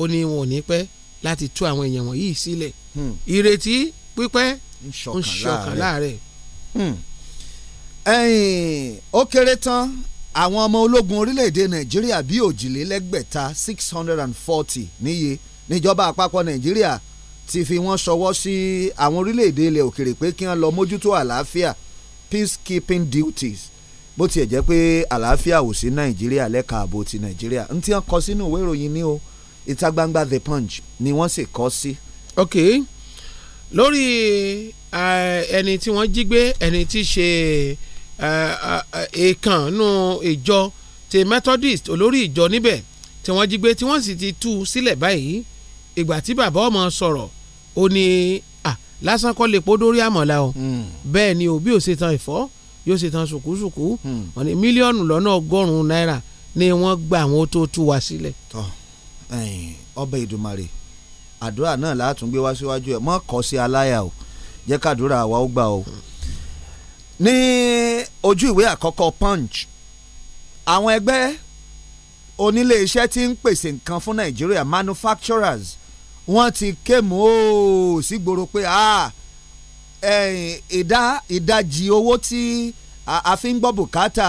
ó ní wọn ò ní pẹ́ láti tú àwọn èèyàn wọ̀nyí sílẹ̀ hmm. ìrètí pípẹ́ ń ṣọkàn láàrẹ̀ ó kéré tán àwọn ọmọ ológun orílẹ̀-èdè nàìjíríà bíi òjìlélẹ́gbẹ̀ta six hundred and forty níye níjọba àpapọ̀ nàìjíríà ti fi wọ́n ṣọwọ́ sí àwọn orílẹ̀-èdè ilẹ̀ òkèrè pé kí wọ́n lọ mójútó àlàáfíà peacekeeping duties bó tiẹ̀ jẹ́ pé àlàáfíà ò sí nàìjíríà lẹ́ka ààbò ti nàìjíríà n tí wọ́n kọ sínú ìwé ìròyìn ní o ìta gbangba the punch ni wọ́n sì kọ sí. ok lórí eh, ẹni tí wọ́n jí gbé ẹni tí ṣe. Se èèkàn nù ìjọ ti Methodist olórí ìjọ níbẹ̀ tí wọ́n jí gbé tí wọ́n sì ti tú u sílẹ̀ báyìí ìgbà tí bàbá ọmọ sọ̀rọ̀ ó ní lásán kọ́ lè podórí àmọ̀lá o hmm. bẹ́ẹ̀ ni òbí ò ṣetán ìfọ́ yóò ṣetán ṣùkúṣùkú hmm. wọ́n ní mílíọ̀nù lọ́nà ọgọ́rùn-ún náírà ni wọ́n gba àwọn tó tú wa sílẹ̀. ọbẹ̀ ìdùmarè àdúrà náà látúngbé wá síwájú ẹ̀ mọ́ kọ́ sí aláyà o jẹ́ kàdúrà àwa ó gbà o. Mm ní ojú ìwé àkọ́kọ́ punch àwọn ẹgbẹ́ onílé iṣẹ́ tí ń pèsè nǹkan fún nàìjíríà manufacturers wọ́n ti kéèmù ó sígboro pé ìdá ìdajì owó tí a fi ń gbọ́ bùkátà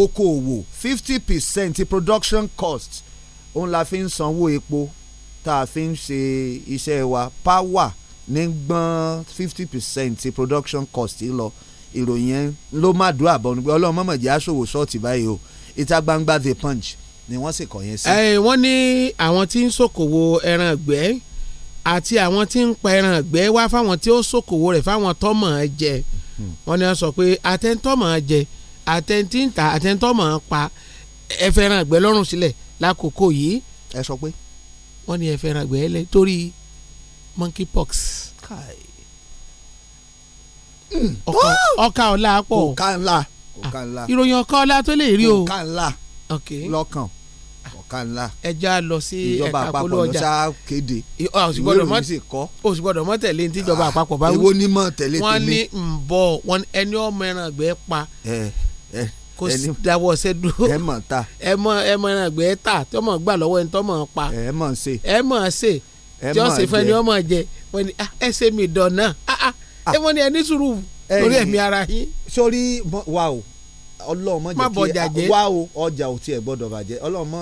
okoòwò fifty percent production cost òun la fi ń sanwó epo tá a fi ń ṣe iṣẹ́ wa power ní gbọ́n fifty percent production cost lọ. E ìròyìn yẹn ló má dùn àbọ̀ ni pé ọlọ́run mọ̀mọ̀ jẹ́ aṣòwò ṣọ́ọ̀tì báyìí o ìta gbangba the punch ni wọ́n sì kọ̀ yẹn sí. ẹ wọ́n ní àwọn tí ń ṣòkòwò ẹran ìgbẹ́ àti àwọn tí ń pa ẹran ìgbẹ́ wá fáwọn tí ó ṣòkòwò rẹ̀ fáwọn tọ́mọ̀ ẹ jẹ hmm. wọ́n ní wọ́n sọ pé àtẹ̀ntọ́mọ̀ ẹ jẹ àtẹ̀ntìntà àtẹ̀ntọ́mọ̀ ẹ pa ẹ fẹ́ ẹran ìgbẹ́ lọ́rùn sílẹ̀ lákòókò yìí. ẹ sọ pé. wọ́n ní ẹ fẹ́ ẹran ìgbẹ́ lẹ torí monkey pox ọkà ọ̀la pọ̀ ọkà ńlá ọkà ńlá ìròyìn ọkà ọ̀la tó lè rí o ọkà ńlá lọ́kàn ọkà ńlá ẹja lọ sí ẹ̀ka polówó ọjà ìjọba àpapọ̀ ló sá kéde o sì gbọ́dọ̀ mọ́ tẹ̀lé ní tíjọba ah, àpapọ̀ bá wù ewo ní mọ́ tẹ̀lé tèmi mm, wọ́n ní ń bọ̀ wọ́n ẹni ọmọ ẹran gbẹ́ pa kò dáwọ́ sẹ́dúró ẹ mọ̀ ta ẹ mọ̀ ẹmọ ẹran gbẹ́ ta tọmọ gbà lọ́wọ́ ẹni tọmọ pa ẹ mọ̀ ṣe ẹ mọ̀ ṣe tí ọ̀sẹ̀ ni ọmọ jẹ ah, ẹ ṣe mi dọ̀ náà ah, ẹ wọ́n ní ẹni sùúrù lórí ẹ̀mí ara yín. sórí wa o ọlọ́mọ jẹ́ kí wa o ọjà ò tiẹ̀ gbọ́dọ̀ bàjẹ́ ọlọ́mọ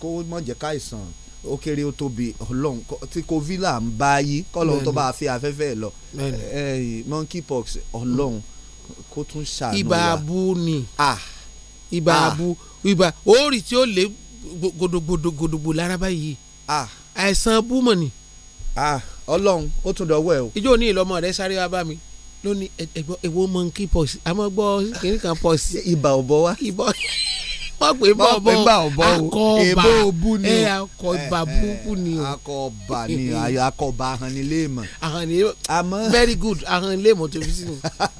kó mọ̀ jẹ́ káìsàn ó kéré ó tóbi ọlọ́run tí kovila ń bá yí kọ́lọ́run tó bá fi afẹ́fẹ́ lọ monkey pox ọlọ́run kó tún ṣàánú wa. ibà abu ni ibà abu ibà orí tí ó lé gbòdògbòdògbòdògbò lára báyìí àìsàn abúmọ̀ ni. Ah ọlọ́run ó tún dọ̀wọ́ ẹ o. ìjọ ní ìlọmọ rẹ sáré wá bá mi lónìí ẹgbọ́n èwo monkey pox àmọ́ gbọ́ kìnnì kan pox. ibà ò bọ́ wá. ibà wọ́n pè bá ọ̀bọ̀ akọ̀ọ̀bà èbó òbú ni o akọ̀ọ̀bà eh, eh, búkú ni o. akọ̀ọ̀bà ni akọ̀ọ̀bà ahanilémọ̀. ahanilémọ̀ very good ahanilémọ̀ tó fi sínú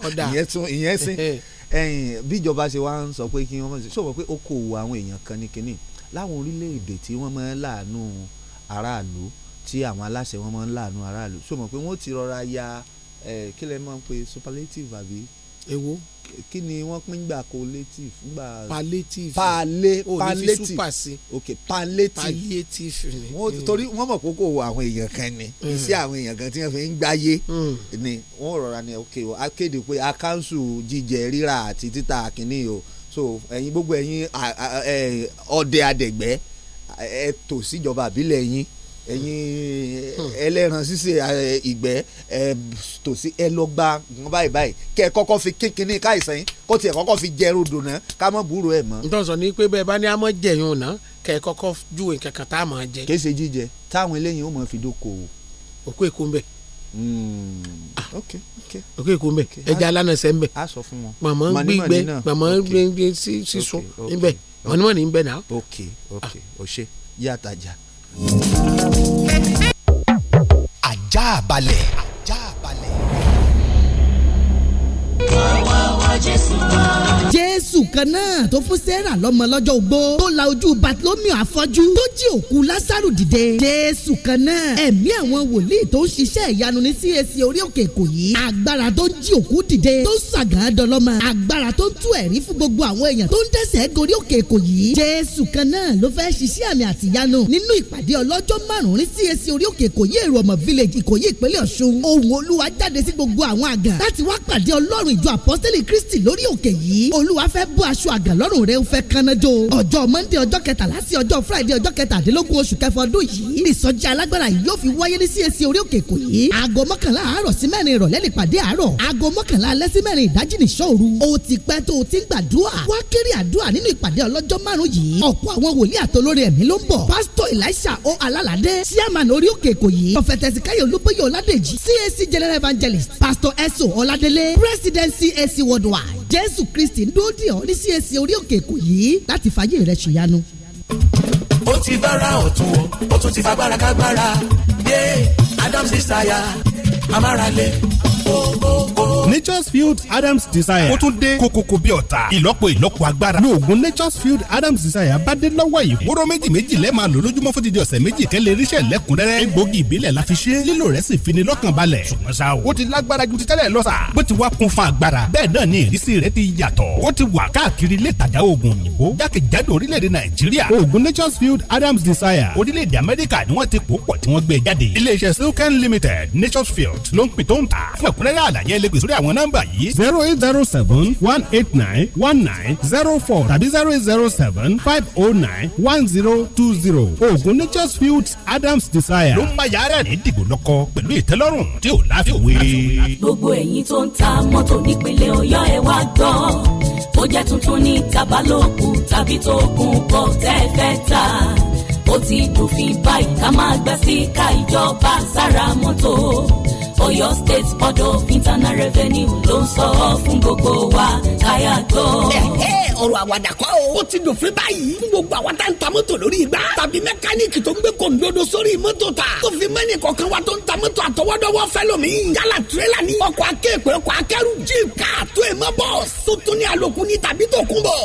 ọ̀dà. ìyẹn tún ìyẹn sí eh. ẹ̀yìn bíjọba ṣe wá ń sọ pé kí wọ́n mọ̀ sí sọ pé okòwò àwọn èèyàn kan ní kínní láwọn orílẹ̀-èdè tí wọ́n máa láàánú aráàlú tí àwọn aláṣẹ wọn máa ń láàánú aráàlú so mọ̀ pé wọ́n ti rọra ya kí lẹ máa ń pe superlative àbí. èwo kí ni wọ́n pín gbà collective gbà. palliative palé palliative ok palliative palliative ni. wọ́n torí wọ́n mọ̀ kókó àwọn èèyàn kan ni mm. iṣẹ́ àwọn èèyàn kan tí wọ́n fi ń gbáyé mm. ni wọ́n rọra ni ok akéde pé akáǹsù jíjẹ rírà àti títà kìíní o so ẹ̀yin gbogbo ẹ̀yin ọdẹ adẹ̀gbẹ́ ẹ tò síjọba àbílẹ̀ yín ẹ̀yin hmm. ẹlẹ́ran ṣíṣe ìgbẹ́ ẹ tòsí ẹ lọ gba nǹkan báyìí báyìí kẹ́ ẹ kọ́kọ́ fi kínkínní káìsàn yín kó tiẹ̀ kọ́kọ́ fi jẹ́ rodò náà ká mọ̀ búrò ẹ̀ mọ́. ntọ́ sọ ni pé bẹ́ẹ̀ bá ní àmọ́ jẹ̀yún náà kẹ́ ẹ kọ́kọ́ ju nǹkan tá a máa jẹ. kése jíjẹ táwọn eléyìí ó mọ̀ fi dókòwò. òkú èkó ń bẹ. Hmm, ah. òkú èkó ń bẹ ẹja alánàṣẹ ń bẹ màmá gbígbẹ màmá gbígbẹ sísun ń bẹ mọ̀nìmọ̀nì ń bẹ náà. ok ok ò ah. ṣe yí àtàjà ajá balẹ̀. ajá balẹ̀. wá wá wá jésù wá jésù kan náà tó fún sarah lọ́mọ lọ́jọ́ ogbó tó la ojú bartolomeo afọ́jú tó jí òkú lásàrò dìde jésù kan náà ẹ̀mí àwọn wòlíì tó ń ṣiṣẹ́ ìyanu ní cac orí òkè èkó yìí agbára tó ń jí òkú dìde tó ń sàgán dọlọ́mọ agbára tó ń tú ẹ̀rí fún gbogbo àwọn èèyàn tó ń tẹ̀sẹ̀ gorí òkè èkó yìí jésù kan náà ló fẹ́ ṣiṣẹ́ àmì àtìyanu nínú ìpàdé ọlọ́jọ́ márùn-ún ní cac orí village ìkòyí ìpínlẹ̀ ọ̀ṣun ohùn olúwa jáde sí gbogbo àwọn àgàn láti wá pàdé ọlọ́run ìjọ àpọ́sítélì kristi lórí olúwa fẹ́ bú aṣọ àgàn lọ́rùn rẹ ó fẹ́ kánájó ọjọ́ monday ọjọ́ kẹtàlá sí ọjọ́ friday ọjọ́ kẹtàdínlógún oṣù kẹfọ ọdún yìí ìsọjí alágbára yìí yóò fi wáyé ní CAC orí òkè èkó yìí aago mọ́kànlá àárọ̀ sí mẹ́rin ìrọ̀lẹ́ lè pàdé àárọ̀ aago mọ́kànlá alẹ́ sí mẹ́rin ìdájí nìṣọ́ òru o ti pẹ́ tó o ti ń gbàdúrà wá kéré àdúrà nínú ìpàdé ọlọ́jọ́ márùn yìí ọ̀pọ̀ àwọn wòlíì elisha o alálàdé chairman orí òkè èkó yìí ọ̀fẹ̀tẹ̀sì káyọ̀ olúbóyè ọládèjì CAC general evangelist pastor eso ọládélé president CAC worldwide jésù kristi sì ń dúró dì ọ́ ní CAC orí òkè èkó yìí láti fàyè rẹ̀ ṣìyanu. ó ti bára ọ̀tún ó tún ti fagbára kágbára yé Adams desire amárale nature's field adams desire. ó tún dé kókókó bí ọ̀tá. ìlọ́po ìlọ́po agbára. ní oògùn nature's field adams desire bá dé lọ́wọ́ yìí. wóró méjì méjì lẹ́ẹ̀ máa lò lójúmọ́ fún dídí ọ̀sẹ̀ méjì kẹ́lẹ́ irísẹ́ lẹ́kùnrẹ́rẹ́. egbògi ìbílẹ̀ la fi ṣe. lílò rẹ̀ sì fini lọ́kàn balẹ̀. ṣùgbọ́n sa o. ó ti lágbára ju ti tẹ́lẹ̀ lọ sa. bó ti wá kún fún agbára. bẹ́ẹ̀ náà ni ìrísí rẹ̀ ti yàtọ̀. ó ti wà káàkiri ilé nature's field adams desire. orílẹ̀-èdè amẹ́ríkà ni wọ́n ti pò pọ̀ tí wọ́n gbé e limited nature's field product ló ń pè tó ń tà fún ẹ̀kúnrẹ́rẹ́ àlàyé ẹlẹ́gbẹ̀ sórí àwọn nọ́mbà yìí zero eight zero seven one eight nine one nine zero four tàbí zero eight zero seven five oh nine one zero two zero oògùn nature's fields adams desire. ló ń bá yàrá rẹ̀ dìgbò lọ́kọ pẹ̀lú ìtẹ́lọ́rùn tí ò láfiwé. gbogbo ẹ̀yin tó ń ta mọ́tò nípínlẹ̀ ọ̀yọ́ ẹ wá gbọ́ bó jẹ́ tuntun ní tabalóòkù tàbí tó kún pọ̀ tẹ́ẹ̀fẹ́ ta ó ti dòfin báyìí ká máa gba síkà ìjọba sára mọ́tò Ọ̀yọ́ State Board of Internal Revenue ló ń sọ ọ fún gbogbo wa káyà gbọ́. ẹ ẹ ọ̀rọ̀ àwàdà kọ́ o. ó ti dòfin báyìí fún gbogbo àwa tá ń ta mọ́tò lórí igbá. tàbí mẹkáníìkì tó ń gbé kòǹdodo sórí mọ́tò ta. tó fi mẹ́nì kọ̀ọ̀kan wa tó ń ta mọ́tò àtọwọ́dọ́wọ́ fẹ́ lómi. yálà tirẹ́là ni ọkọ̀ akẹ́kọ̀ọ́ ọkọ̀ akẹ́rù jíìp káà tó ẹ̀ mọ́ bọ́ọ̀s. tó tún ní àlòkù ní tàbí tó kún bọ̀.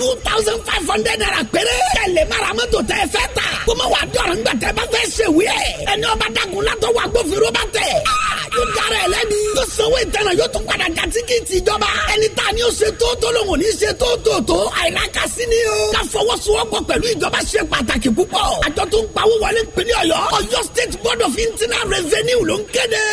two thousand five hundred naira péré tẹ́ lè mara mọ́tò tẹ́ fẹ́ ta kó mọ̀ wá dọ̀rọ̀ ńgbà tẹ́ bá fẹ́ ṣèwé ẹ̀ ẹni ọba dagun látọ̀ wà gbófinró bá tẹ̀ ah, yóò dára ẹ̀ lẹ́bi yóò sanwó ìtẹ̀nà yóò tún padà jàtí kì í ti jọba ẹni tá a ní o ṣe tó tó lòun ò ní ṣe tó tó tó àìlákàsí ni o ká fọwọ́sowọ́pọ̀ pẹ̀lú ìjọba ṣe pàtàkì púpọ̀ àjọ tó ń pawó wọlé ń pè ní Ọ̀yọ́ Ọ̀yọ́ State Board of Internal Revenue ló ń kéde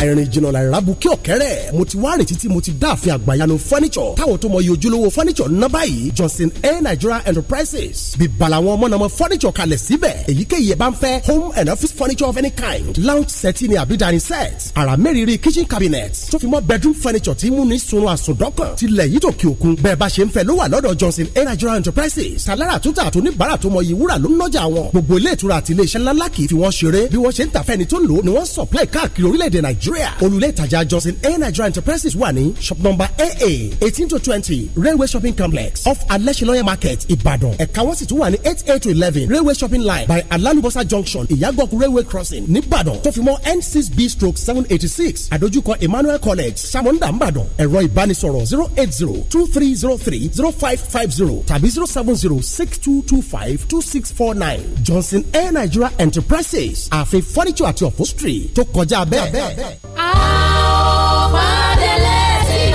àìrìn jìnnà làràbùkí ọ̀kẹ́rẹ́ mo ti wá rìn títí mo ti dá àfin àgbàyanu furniture táwọn tó mọ iye ojúlówó furniture ń ná báyìí Johnson A Nigeria Enterprises bíbalà wọn mọ̀nàmọ́ furniture kalẹ̀ síbẹ̀ èyíkéyìí ẹ̀ bá ń fẹ́ home and office furniture of any kind lounge set ni àbí dining set àrà mẹ́rìírí kitchen cabinet tó fi mọ́ bedroom furniture tí mú ní sunun àsùndọ́kàn tilẹ̀ yìí tó kí òkun bẹ́ẹ̀ bá ṣe ń fẹ́ ló wà lọ́dọ̀ Johnson A Nigeria Enterprises tàlára àtúntà àtúníbàárà tó mọ iye wúrà ló ń nọ́jà wọn gbogbo ilé ìtura àti ilé iṣẹ́ ńláńlá kì í fi wọ́n ṣeré bí wọ́n ṣe ń tàfẹ́ni tó ń lò ó ni wọ́n supply káàkiri orílẹ̀-èdè Nàìj Nigeria olùlé ìtajà Johnson A Nigeria Enterprises wà ní shop number AA eighteen to twenty railway shopping complex off alẹ́sìlọ́yẹ̀ market Ìbàdàn ẹ̀ka wọ́n sì tún wà ní eight eight to eleven railway shopping line by Alalubosa junction Ìyàgànkù railway crossing nìbàdàn tó fi mọ́ N six B stroke seven eighty six àdójúkọ Emmanuel college Samonda Ìbàdàn ẹ̀rọ ìbánisọ̀rọ̀ zero eight zero two three zero three zero five five zero tàbí zero seven zero six two two five two six four nine Johnson Air Nigeria Enterprises àfi furniture àti upholstery tó kọjá bẹ́ẹ̀. Àwọn ọmọdé lẹ́sìn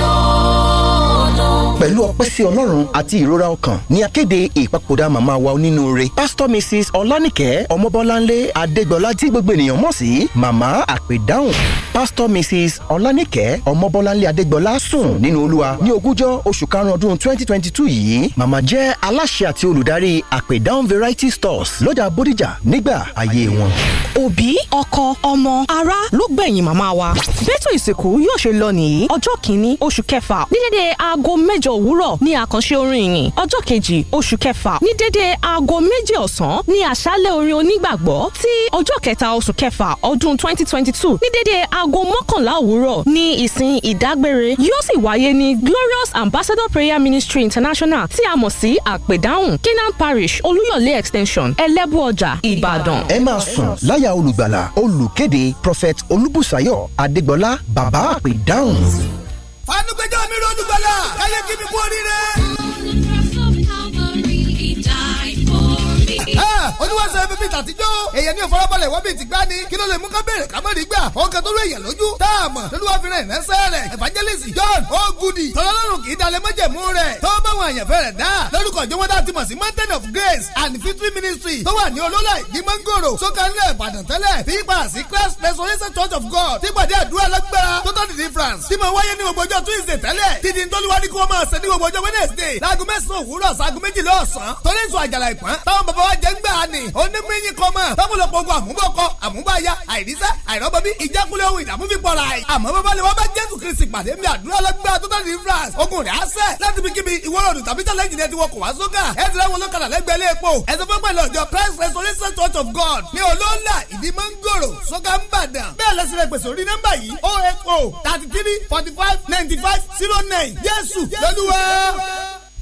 pẹ̀lú ọpẹ́ sí ọlọ́run àti ìrora ọkàn ni akéde ìpapòdà màmá wa onínúure pásítọ̀ mrs ọlánìkẹ́ ọmọbọ́láńlé adégbọlá tí gbogbo ènìyàn mọ̀ sí màmá àpèdáhùn pásítọ̀ mrs ọlánìkẹ́ ọmọbọ́láńlé adégbọlá sùn nínú olúwa ní ogúnjọ́ oṣù karùn-ún ọdún twenty twenty two yìí màmá jẹ́ aláṣẹ àti olùdarí àpèdáhùn variety stores lọ́jà bódìjà nígbà ayé wọn. òbí ọkọ ọmọ ará ló gbẹ̀yìn màmá wa bẹ́tò ìsìnkú yóò ṣe lọ nìyí ọjọ́ kìíní oṣù kẹfà ní dédé aago mẹ́jọ òwúrọ̀ ní àkànṣe orin ìyìn ọjọ́ kejì oṣù kẹfà ní dédé aago méjì ọ̀sán ní àṣálẹ̀ orin onígbàgbọ́ tí ọjọ́ kẹta oṣù kẹfà ọdún 2022 ní dédé aago mọ́kànlá òwúrọ̀ ní ìsìn ìdágbére yóò sì wáyé ní Glorious Ambassador Prayer Ministry International tí a mọ̀ sí àpèdáhùn Kenan Parish Olúyọ̀lé Extension ẹlẹ́bù ọjà Ìbàdàn. ẹ máa sùn láyà olùgbàlà olùkéde Prophet Olúbùsáyọ̀ Adégbọlá bàbá àpèdáhùn fanugbẹjọ mi ronú gbala káyé kí mi kú oríire. gbà oníwàsàn bíbí tàtijọ́ èyàn ní ìfọwọ́balẹ̀ wọ́n bí ti gbá ni kí ló lè mú ká béèrè ká mọ̀rí gbà ọkàn tó ló èyàn lójú táàmù lọ́dún fi rẹ̀ rẹ́sẹ̀ rẹ̀ evangelist John Ogudi tọ́lọ́lọ́run kì í dalẹ̀ mọ́jẹ̀mú rẹ̀ tó bá wọn àyànfẹ́ rẹ̀ dá lórúkọ jẹ́wọ́n dá ti mọ̀ sí mountain of grace and victory ministry tó wà ní olólà ìdí mọ́ngòrò sókànlẹ̀ Ìbàdàn tẹ́lẹ̀ fi ipa sí Christ resurrection church of God tí pàdé àdúrà lágbára total deliverance tí mo wáyé ní gbogbo ọjọ́ Tuesday tẹ́lẹ̀ títí ntọ́lúwa ní kí wọ́n máa ṣe ní gbogbo ọjọ́ Wednesday láago mẹ́sàn-án òwúrọ̀ ṣaago méjìlá ọ̀sán torí èso àjàlá ìpọ́n táwọn bàbá wa jẹ́ ń gbà láàánì onímọ̀yìn kọ́ mọ̀ tọ́kùnlọ́pọ̀ ogun àmúbọ̀kọ àmúbáyá àìríṣẹ́ àìrọ́bọ̀bí ìjákulẹ̀ ohun ìdààmú fi pọ̀ra ẹ̀. àmọ́ bàbá ni wọ́n bá jésù kristi pàdé mi àdúrà lọ́gbà total deliverance ogun rẹ̀ á sẹ̀ láti bí kíbi ìwọ́rọ̀dù tàbí tẹ̀lẹ́jì náà ti wọkọ̀ wá sókà ẹ ti rẹ́wọ̀n lọ́kàlà lẹ́gbẹ̀ẹ́ lẹ́ẹ̀pọ̀ ẹ sọ fún pẹ̀lú ọjọ́ Christ Restoration Church of God ní olóńlà ìdí mọ́ngòrò sọ́kà ń bàdàn bẹ́ẹ̀ lẹ́sẹ̀ rẹ̀ pèsè orí nọ́mbà yìí o oh eight o oh, thirty three forty five ninety five zero nine jésù lọ́lúwẹ̀ẹ́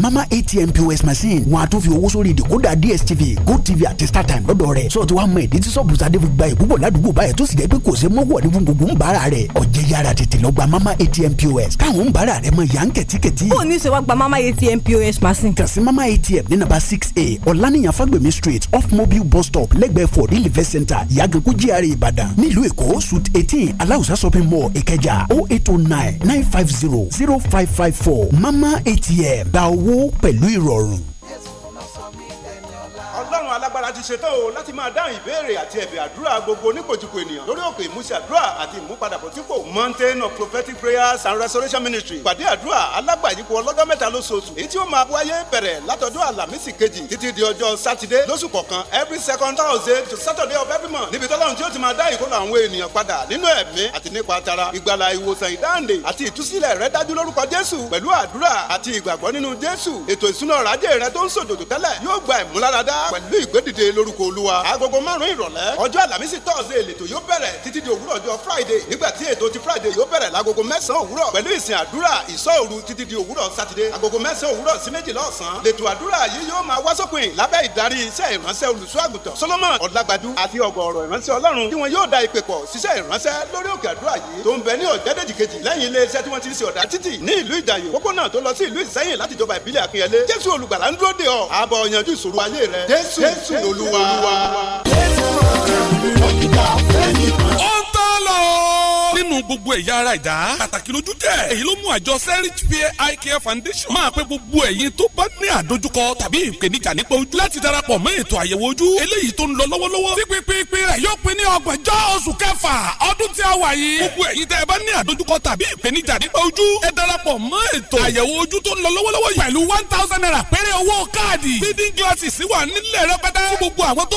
mama atm pos machine wọn a tún fi owó sórí ìdìkúdà dstv gotv àti startime lọ́dọ̀ rẹ̀ sọ ti wá mọ ìdí tí sọ́ọ̀bù sadéfì gba ìbúbọ̀ ládùúgbò báyẹn tó sì jẹ́ pé kò ṣe mọ́wọ́ ní gbogbo ń bára rẹ̀ ọ̀jẹ̀ yára tètè lọ gba mama atm pos káwọn ń bára rẹ̀ mọ yà ń kẹ̀tíkẹ̀tí. ó ní ṣe wá gba mama atm pos machine. kàn sí mama atm ní nàbà six a ọ̀lànìyàn fagbemi street off mobile bus stop lẹ́gbẹ̀ẹ́ for real event center yàgànkú gr ìbàdàn nílùú èkó suit eighteen aláùsá shopping mall ìkẹjà o oh eight o oh nine nine five zero zero five five four mama atm gba owó owó pẹ̀lú ìrọ̀rùn ọlọ́run alágbára ti ṣetán o láti máa dáhùn ìbéèrè àti ẹ̀bẹ̀ àdúrà gbogbo oníkojúko ènìyàn lórí òkè ìmúṣẹ àdúrà àti ìmúpadàbọ̀ sípò mountain of prophetic prayers and restoration ministry pàdé àdúrà alágbàyípo ọlọ́jọ́ mẹ́ta lóṣooṣù èyí tí ó máa wáyé bẹ̀rẹ̀ látọjọ́ àlàmísì kejì títí di ọjọ́ sátidé lóṣù kọ̀ọ̀kan every second thursday to saturday of every month níbi tọ́lọ́run tí ó ti máa dá ìkólọ àwọn ènìyàn padà nínú ẹ̀mí àti nípa tara ìgbàlà ìwòsàn ìdáǹdè àti ìtúsílẹ̀ rẹ dájú lórúkọ jésù pẹ̀lú àdúrà àti ìgbàgbọ́ nínú jésù ètò ìsúná ọ̀rọ̀ ajé rẹ tó ń ṣòjòjò tẹ́lẹ̀ yóò gba ìmúláradá pẹ̀lú pẹ̀lú ìgbédìde lórúkọ olúwa. agogo márùn-ún ìrọ̀lẹ́ ọjọ́ àlàmísì tọ́sídẹ̀ẹ́ lètò yóò bẹ̀rẹ̀ títí di òwúrọ̀ ọjọ́ friday nígbà tí ètò ti friday yóò bẹ̀rẹ̀ lágogo mẹ́sàn-án òwúrọ̀ pẹ̀lú ìsìn àdúrà ìsọ̀òru títí di òwúrọ̀ sátidé agogo mẹ́sàn-án òwúrọ̀ sí méjìlá ọ̀sán lètò àdúrà yìí yóò máa wá sópin lábẹ́ ìdarí iṣẹ́ ìránṣẹ́ olùṣọ́àgùtàn solomon ọ̀làgbàdú àti ọ̀gọ̀ọ̀rọ̀ ìránṣẹ́ ọlọ́run tí wọn yóò da ìpè pọ̀ ṣiṣẹ́ ìránṣẹ́ lórí òkè àdúrà yìí tó ń bẹ ní ọ̀jẹ́dẹ́jì kejì lẹ́yìn iléeṣẹ́ tí wọ́n ti ń ṣe ọ̀dà títì ní ìlú ìdàyò pópónà tó lọ sí ìlú ìsẹ́yìn láti jọba ìbílẹ̀ àkínyẹlé jésù olùgbàlà ń dúró de ọ àbọ̀ ọ̀yànjú ìṣòro ayé rẹ jésù lolúwa jésù mọ̀ọ́kàn nínú gbogbo ẹ̀yà ara ìdá pàtàkì lójú jẹ́ èyí ló mú àjọ serich fair eye foundation máa pé gbogbo ẹ̀yin tó bá ní àdójúkọ tàbí ìpèníjà nípa ojú láti darapọ̀ mọ́ ètò àyẹ̀wò ojú eléyìí tó ń lọ lọ́wọ́lọ́wọ́ tí pínpín rẹ̀ yóò pín ní ọgbọ̀njọ́ oṣù kẹfà ọdún tí a wà yìí gbogbo ẹ̀yin tẹ́ ẹ bá ní àdójúkọ one thousand naira péré owó káàdì reading glasses wà nílẹ̀ rẹpẹtẹ fún gbogbo àwọn tó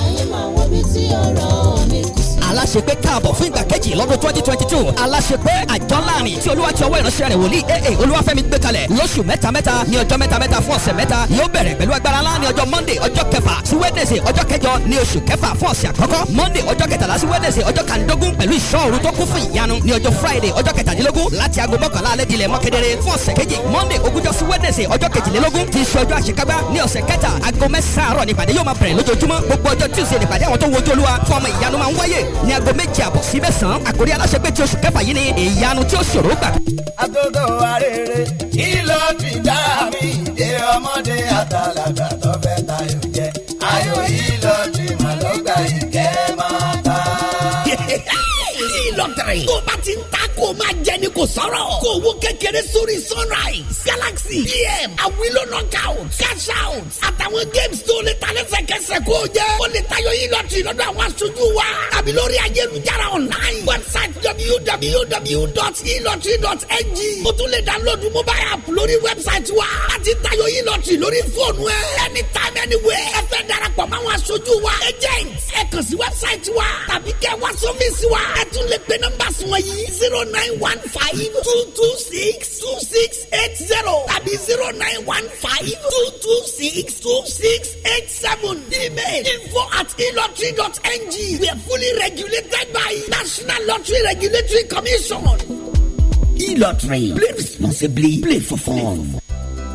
ayé máa wo bí tí ọ̀rọ̀ aláṣepé káàbọ̀ fún ìgbà kejì lọ́dún twenty twenty two aláṣepé àjọ láàrin tí olúwa ti ọwọ́ ìránṣẹ́ rẹ̀ wòlíì aa olúwafẹ́mi gbé kalẹ̀ lóṣù mẹ́ta mẹ́ta ní ọjọ́ mẹ́ta mẹ́ta fún ọ̀sẹ̀ mẹ́ta yóò bẹ̀rẹ̀ pẹ̀lú agbára ńlá ọjọ́ monday ọjọ́ kẹfà sí wednesday ọjọ́ kẹjọ ní oṣù kẹfà fún ọ̀sẹ̀ àkọ́kọ́ monday ọjọ́ kẹtàlá sí wednesday ọjọ́ kàndógún pẹ̀lú ìṣọ́ọ̀rù tó kún fún ìyanu ní friday ọjọ́ kẹtàdínlógún láti aago mọ́kànlá alẹ́ dilẹ̀ mọ́kedere fún ọ̀sẹ̀ monday ogúnjọ́ sí wednesday ọjọ́ kejìlélógún ti ṣe ọjọ́ àṣekágbá ní ọ̀sẹ̀ kẹta aago mẹ́sàn-án àárọ̀ nípàdé yóò tuesday nípàdé àwọn tó wojú olúwa fún ọmọ aago méje àbọ̀ sí mẹ́sàn-án àkórí aláṣẹgbé ti oṣù kẹfà yìí ni ìyanu tí ó ṣòro gbà. àtòkò àrèrè kí ló fi ọmọdé àtàlàgbà tó fẹ́ tayò jẹ ayò yìí lọ ìkẹ́ máa ta. ìlọtẹ̀rẹ̀ [LAUGHS] tó bá ti ń ta kó máa jẹ ni kò sọ̀rọ̀. kó owó kékeré sórí sunrise galaxy pm awilo knockout cash out àtàwọn games tó lè ta lẹ́sẹ̀kẹsẹ̀ kó o jẹ́. ó lè tayọ yín lọ tì lọ́dọ̀ àwọn aṣojú wa. tàbí lórí ayélujára online website www.elotry.ng. o tún lè download mobile app lórí website wa. láti tayọ yín lọ tì lórí fóònù ẹ. anytime anywhere. ẹ fẹ́ darapọ̀ mọ́ àwọn aṣojú wa. agent ẹ kàn sí wẹ́bsáìtì wa tàbí kẹ́ wá sọ́fíìsì wa. ẹ tún lè pe nọ́mbà sùn wọ̀nyí zero nine nine one five two two six two six eight zero tàbí zero nine one five two two six two six eight seven email info at elotry dot ng we are fully regulated by National Lottery Regulatory Commission. E-lottery. Play responsibly. Play for fun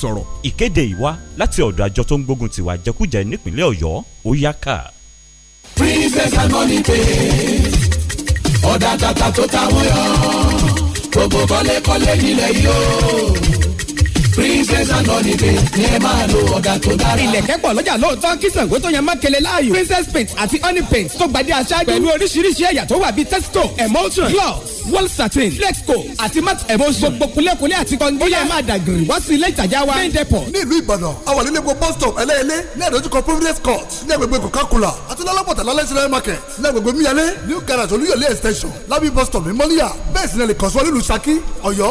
sọ̀rọ̀. ìkéde ìwá láti ọ̀dọ̀ àjọ tó ń gbógun tiwa jẹkújẹ nípínlẹ̀ ọ̀yọ́ ó yá ká. princess harmony pay ọ̀dà tata tó táwọn yọ gbogbo kọ́lékọ́lé nílẹ̀ yìí ó princess and holiday ní ẹ máa lo ọ̀gá tó dára. ìlẹ̀kẹ̀ pọ̀ lọ́jà lóòótọ́ kí Ṣàngó tó yan mákele láàyò princess paint àti honey paint tó gbadé aṣáájú pẹ̀lú oríṣiríṣi ẹ̀yà tó wà bíi testo emulsion gloss wall satin flexco àti matte emulsion gbogbo kulẹ̀kulẹ̀ àti kọ́ngí. ó yẹ máa dàgìrì wá sí ilé ìtajà wa. main depot. ní ìlú Ìbàdàn àwọn ilé epo bus stop ẹlẹ́ẹ̀lẹ́ ní àdójúkọ providence court ní agbègbè coca-cola àti lọ́lọ́pọ̀tà lálẹ́sẹ̀rẹ́ market ní agbègbè miyalé new garage olúyọ̀lé extension lábí bus stop ní mọ́níyà bẹ́ẹ̀ sì ni lè kàn sí wọn nílùú Ṣakí Ọ̀yọ́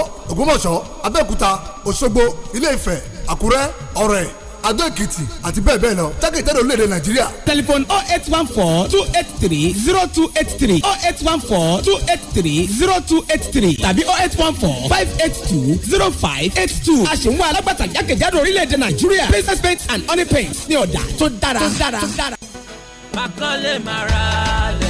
ilé ifẹ̀ àkúrẹ́ ọ̀rẹ́ adó èkìtì àti bẹ́ẹ̀ bẹ́ẹ̀ lọ jákèjádò orílẹ̀-èdè nàìjíríà. Telephone oh eight one four two eight three zero two eight three oh eight one four two eight three zero two eight three tàbí oh eight one four five eight two zero five eight two. a alágbàtà jákèjádò orílẹ̀-èdè nàìjíríà business paint and honey paint ní ọ̀dà tó dára. tó dára. àkọlé màrà lè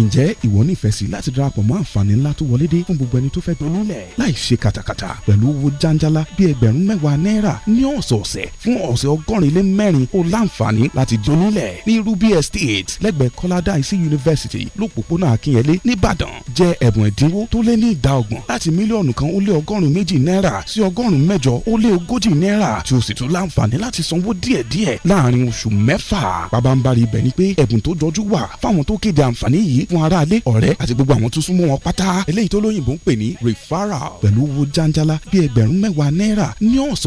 ǹjẹ́ ìwọ nífẹ̀ẹ́ sí láti darapọ̀ mọ́ àǹfààní ńlá tó wọlé dé fún gbogbo ẹni tó fẹ́ dùn lẹ̀ láì ṣe kàtàkàtà pẹ̀lú owó jàǹjàlá bíi ẹgbẹ̀rún mẹ́wàá náírà ní ọ̀sọ̀ọ̀sẹ̀ fún ọ̀sẹ̀ ọgọ́rin lé mẹ́rin ó láǹfààní láti dùn lẹ̀ ní Ruby Estate lẹ́gbẹ̀ẹ́ kọ́ládà isi University lópòpónà Akínyẹlé nìbàdàn jẹ ẹ̀bùn ẹ̀dínwó tó lé ní ìdá ọgbọ̀n láti mílíọ̀nù kan ó lé ọgọ́rùn méjì náírà sí ọgọ́rùn mẹ́jọ ó lé ogójì náírà tí o sì tún láǹfààní láti sanwó díẹ̀díẹ̀ láàárín oṣù mẹ́fà bàbá ń bari ibẹ̀ ni pé ẹ̀bùn tó jọjú wà fáwọn tó kéde àǹfààní yìí yìí fún aráalé ọ̀rẹ́ àti gbogbo àwọn tó súnmọ́ wọn pátá eléyìí tó lóyìnbó ń pè ní referral pẹ̀lú owó jáńjálá bíi ẹgbẹ̀rún mẹ́wàá náírà ní ọ̀s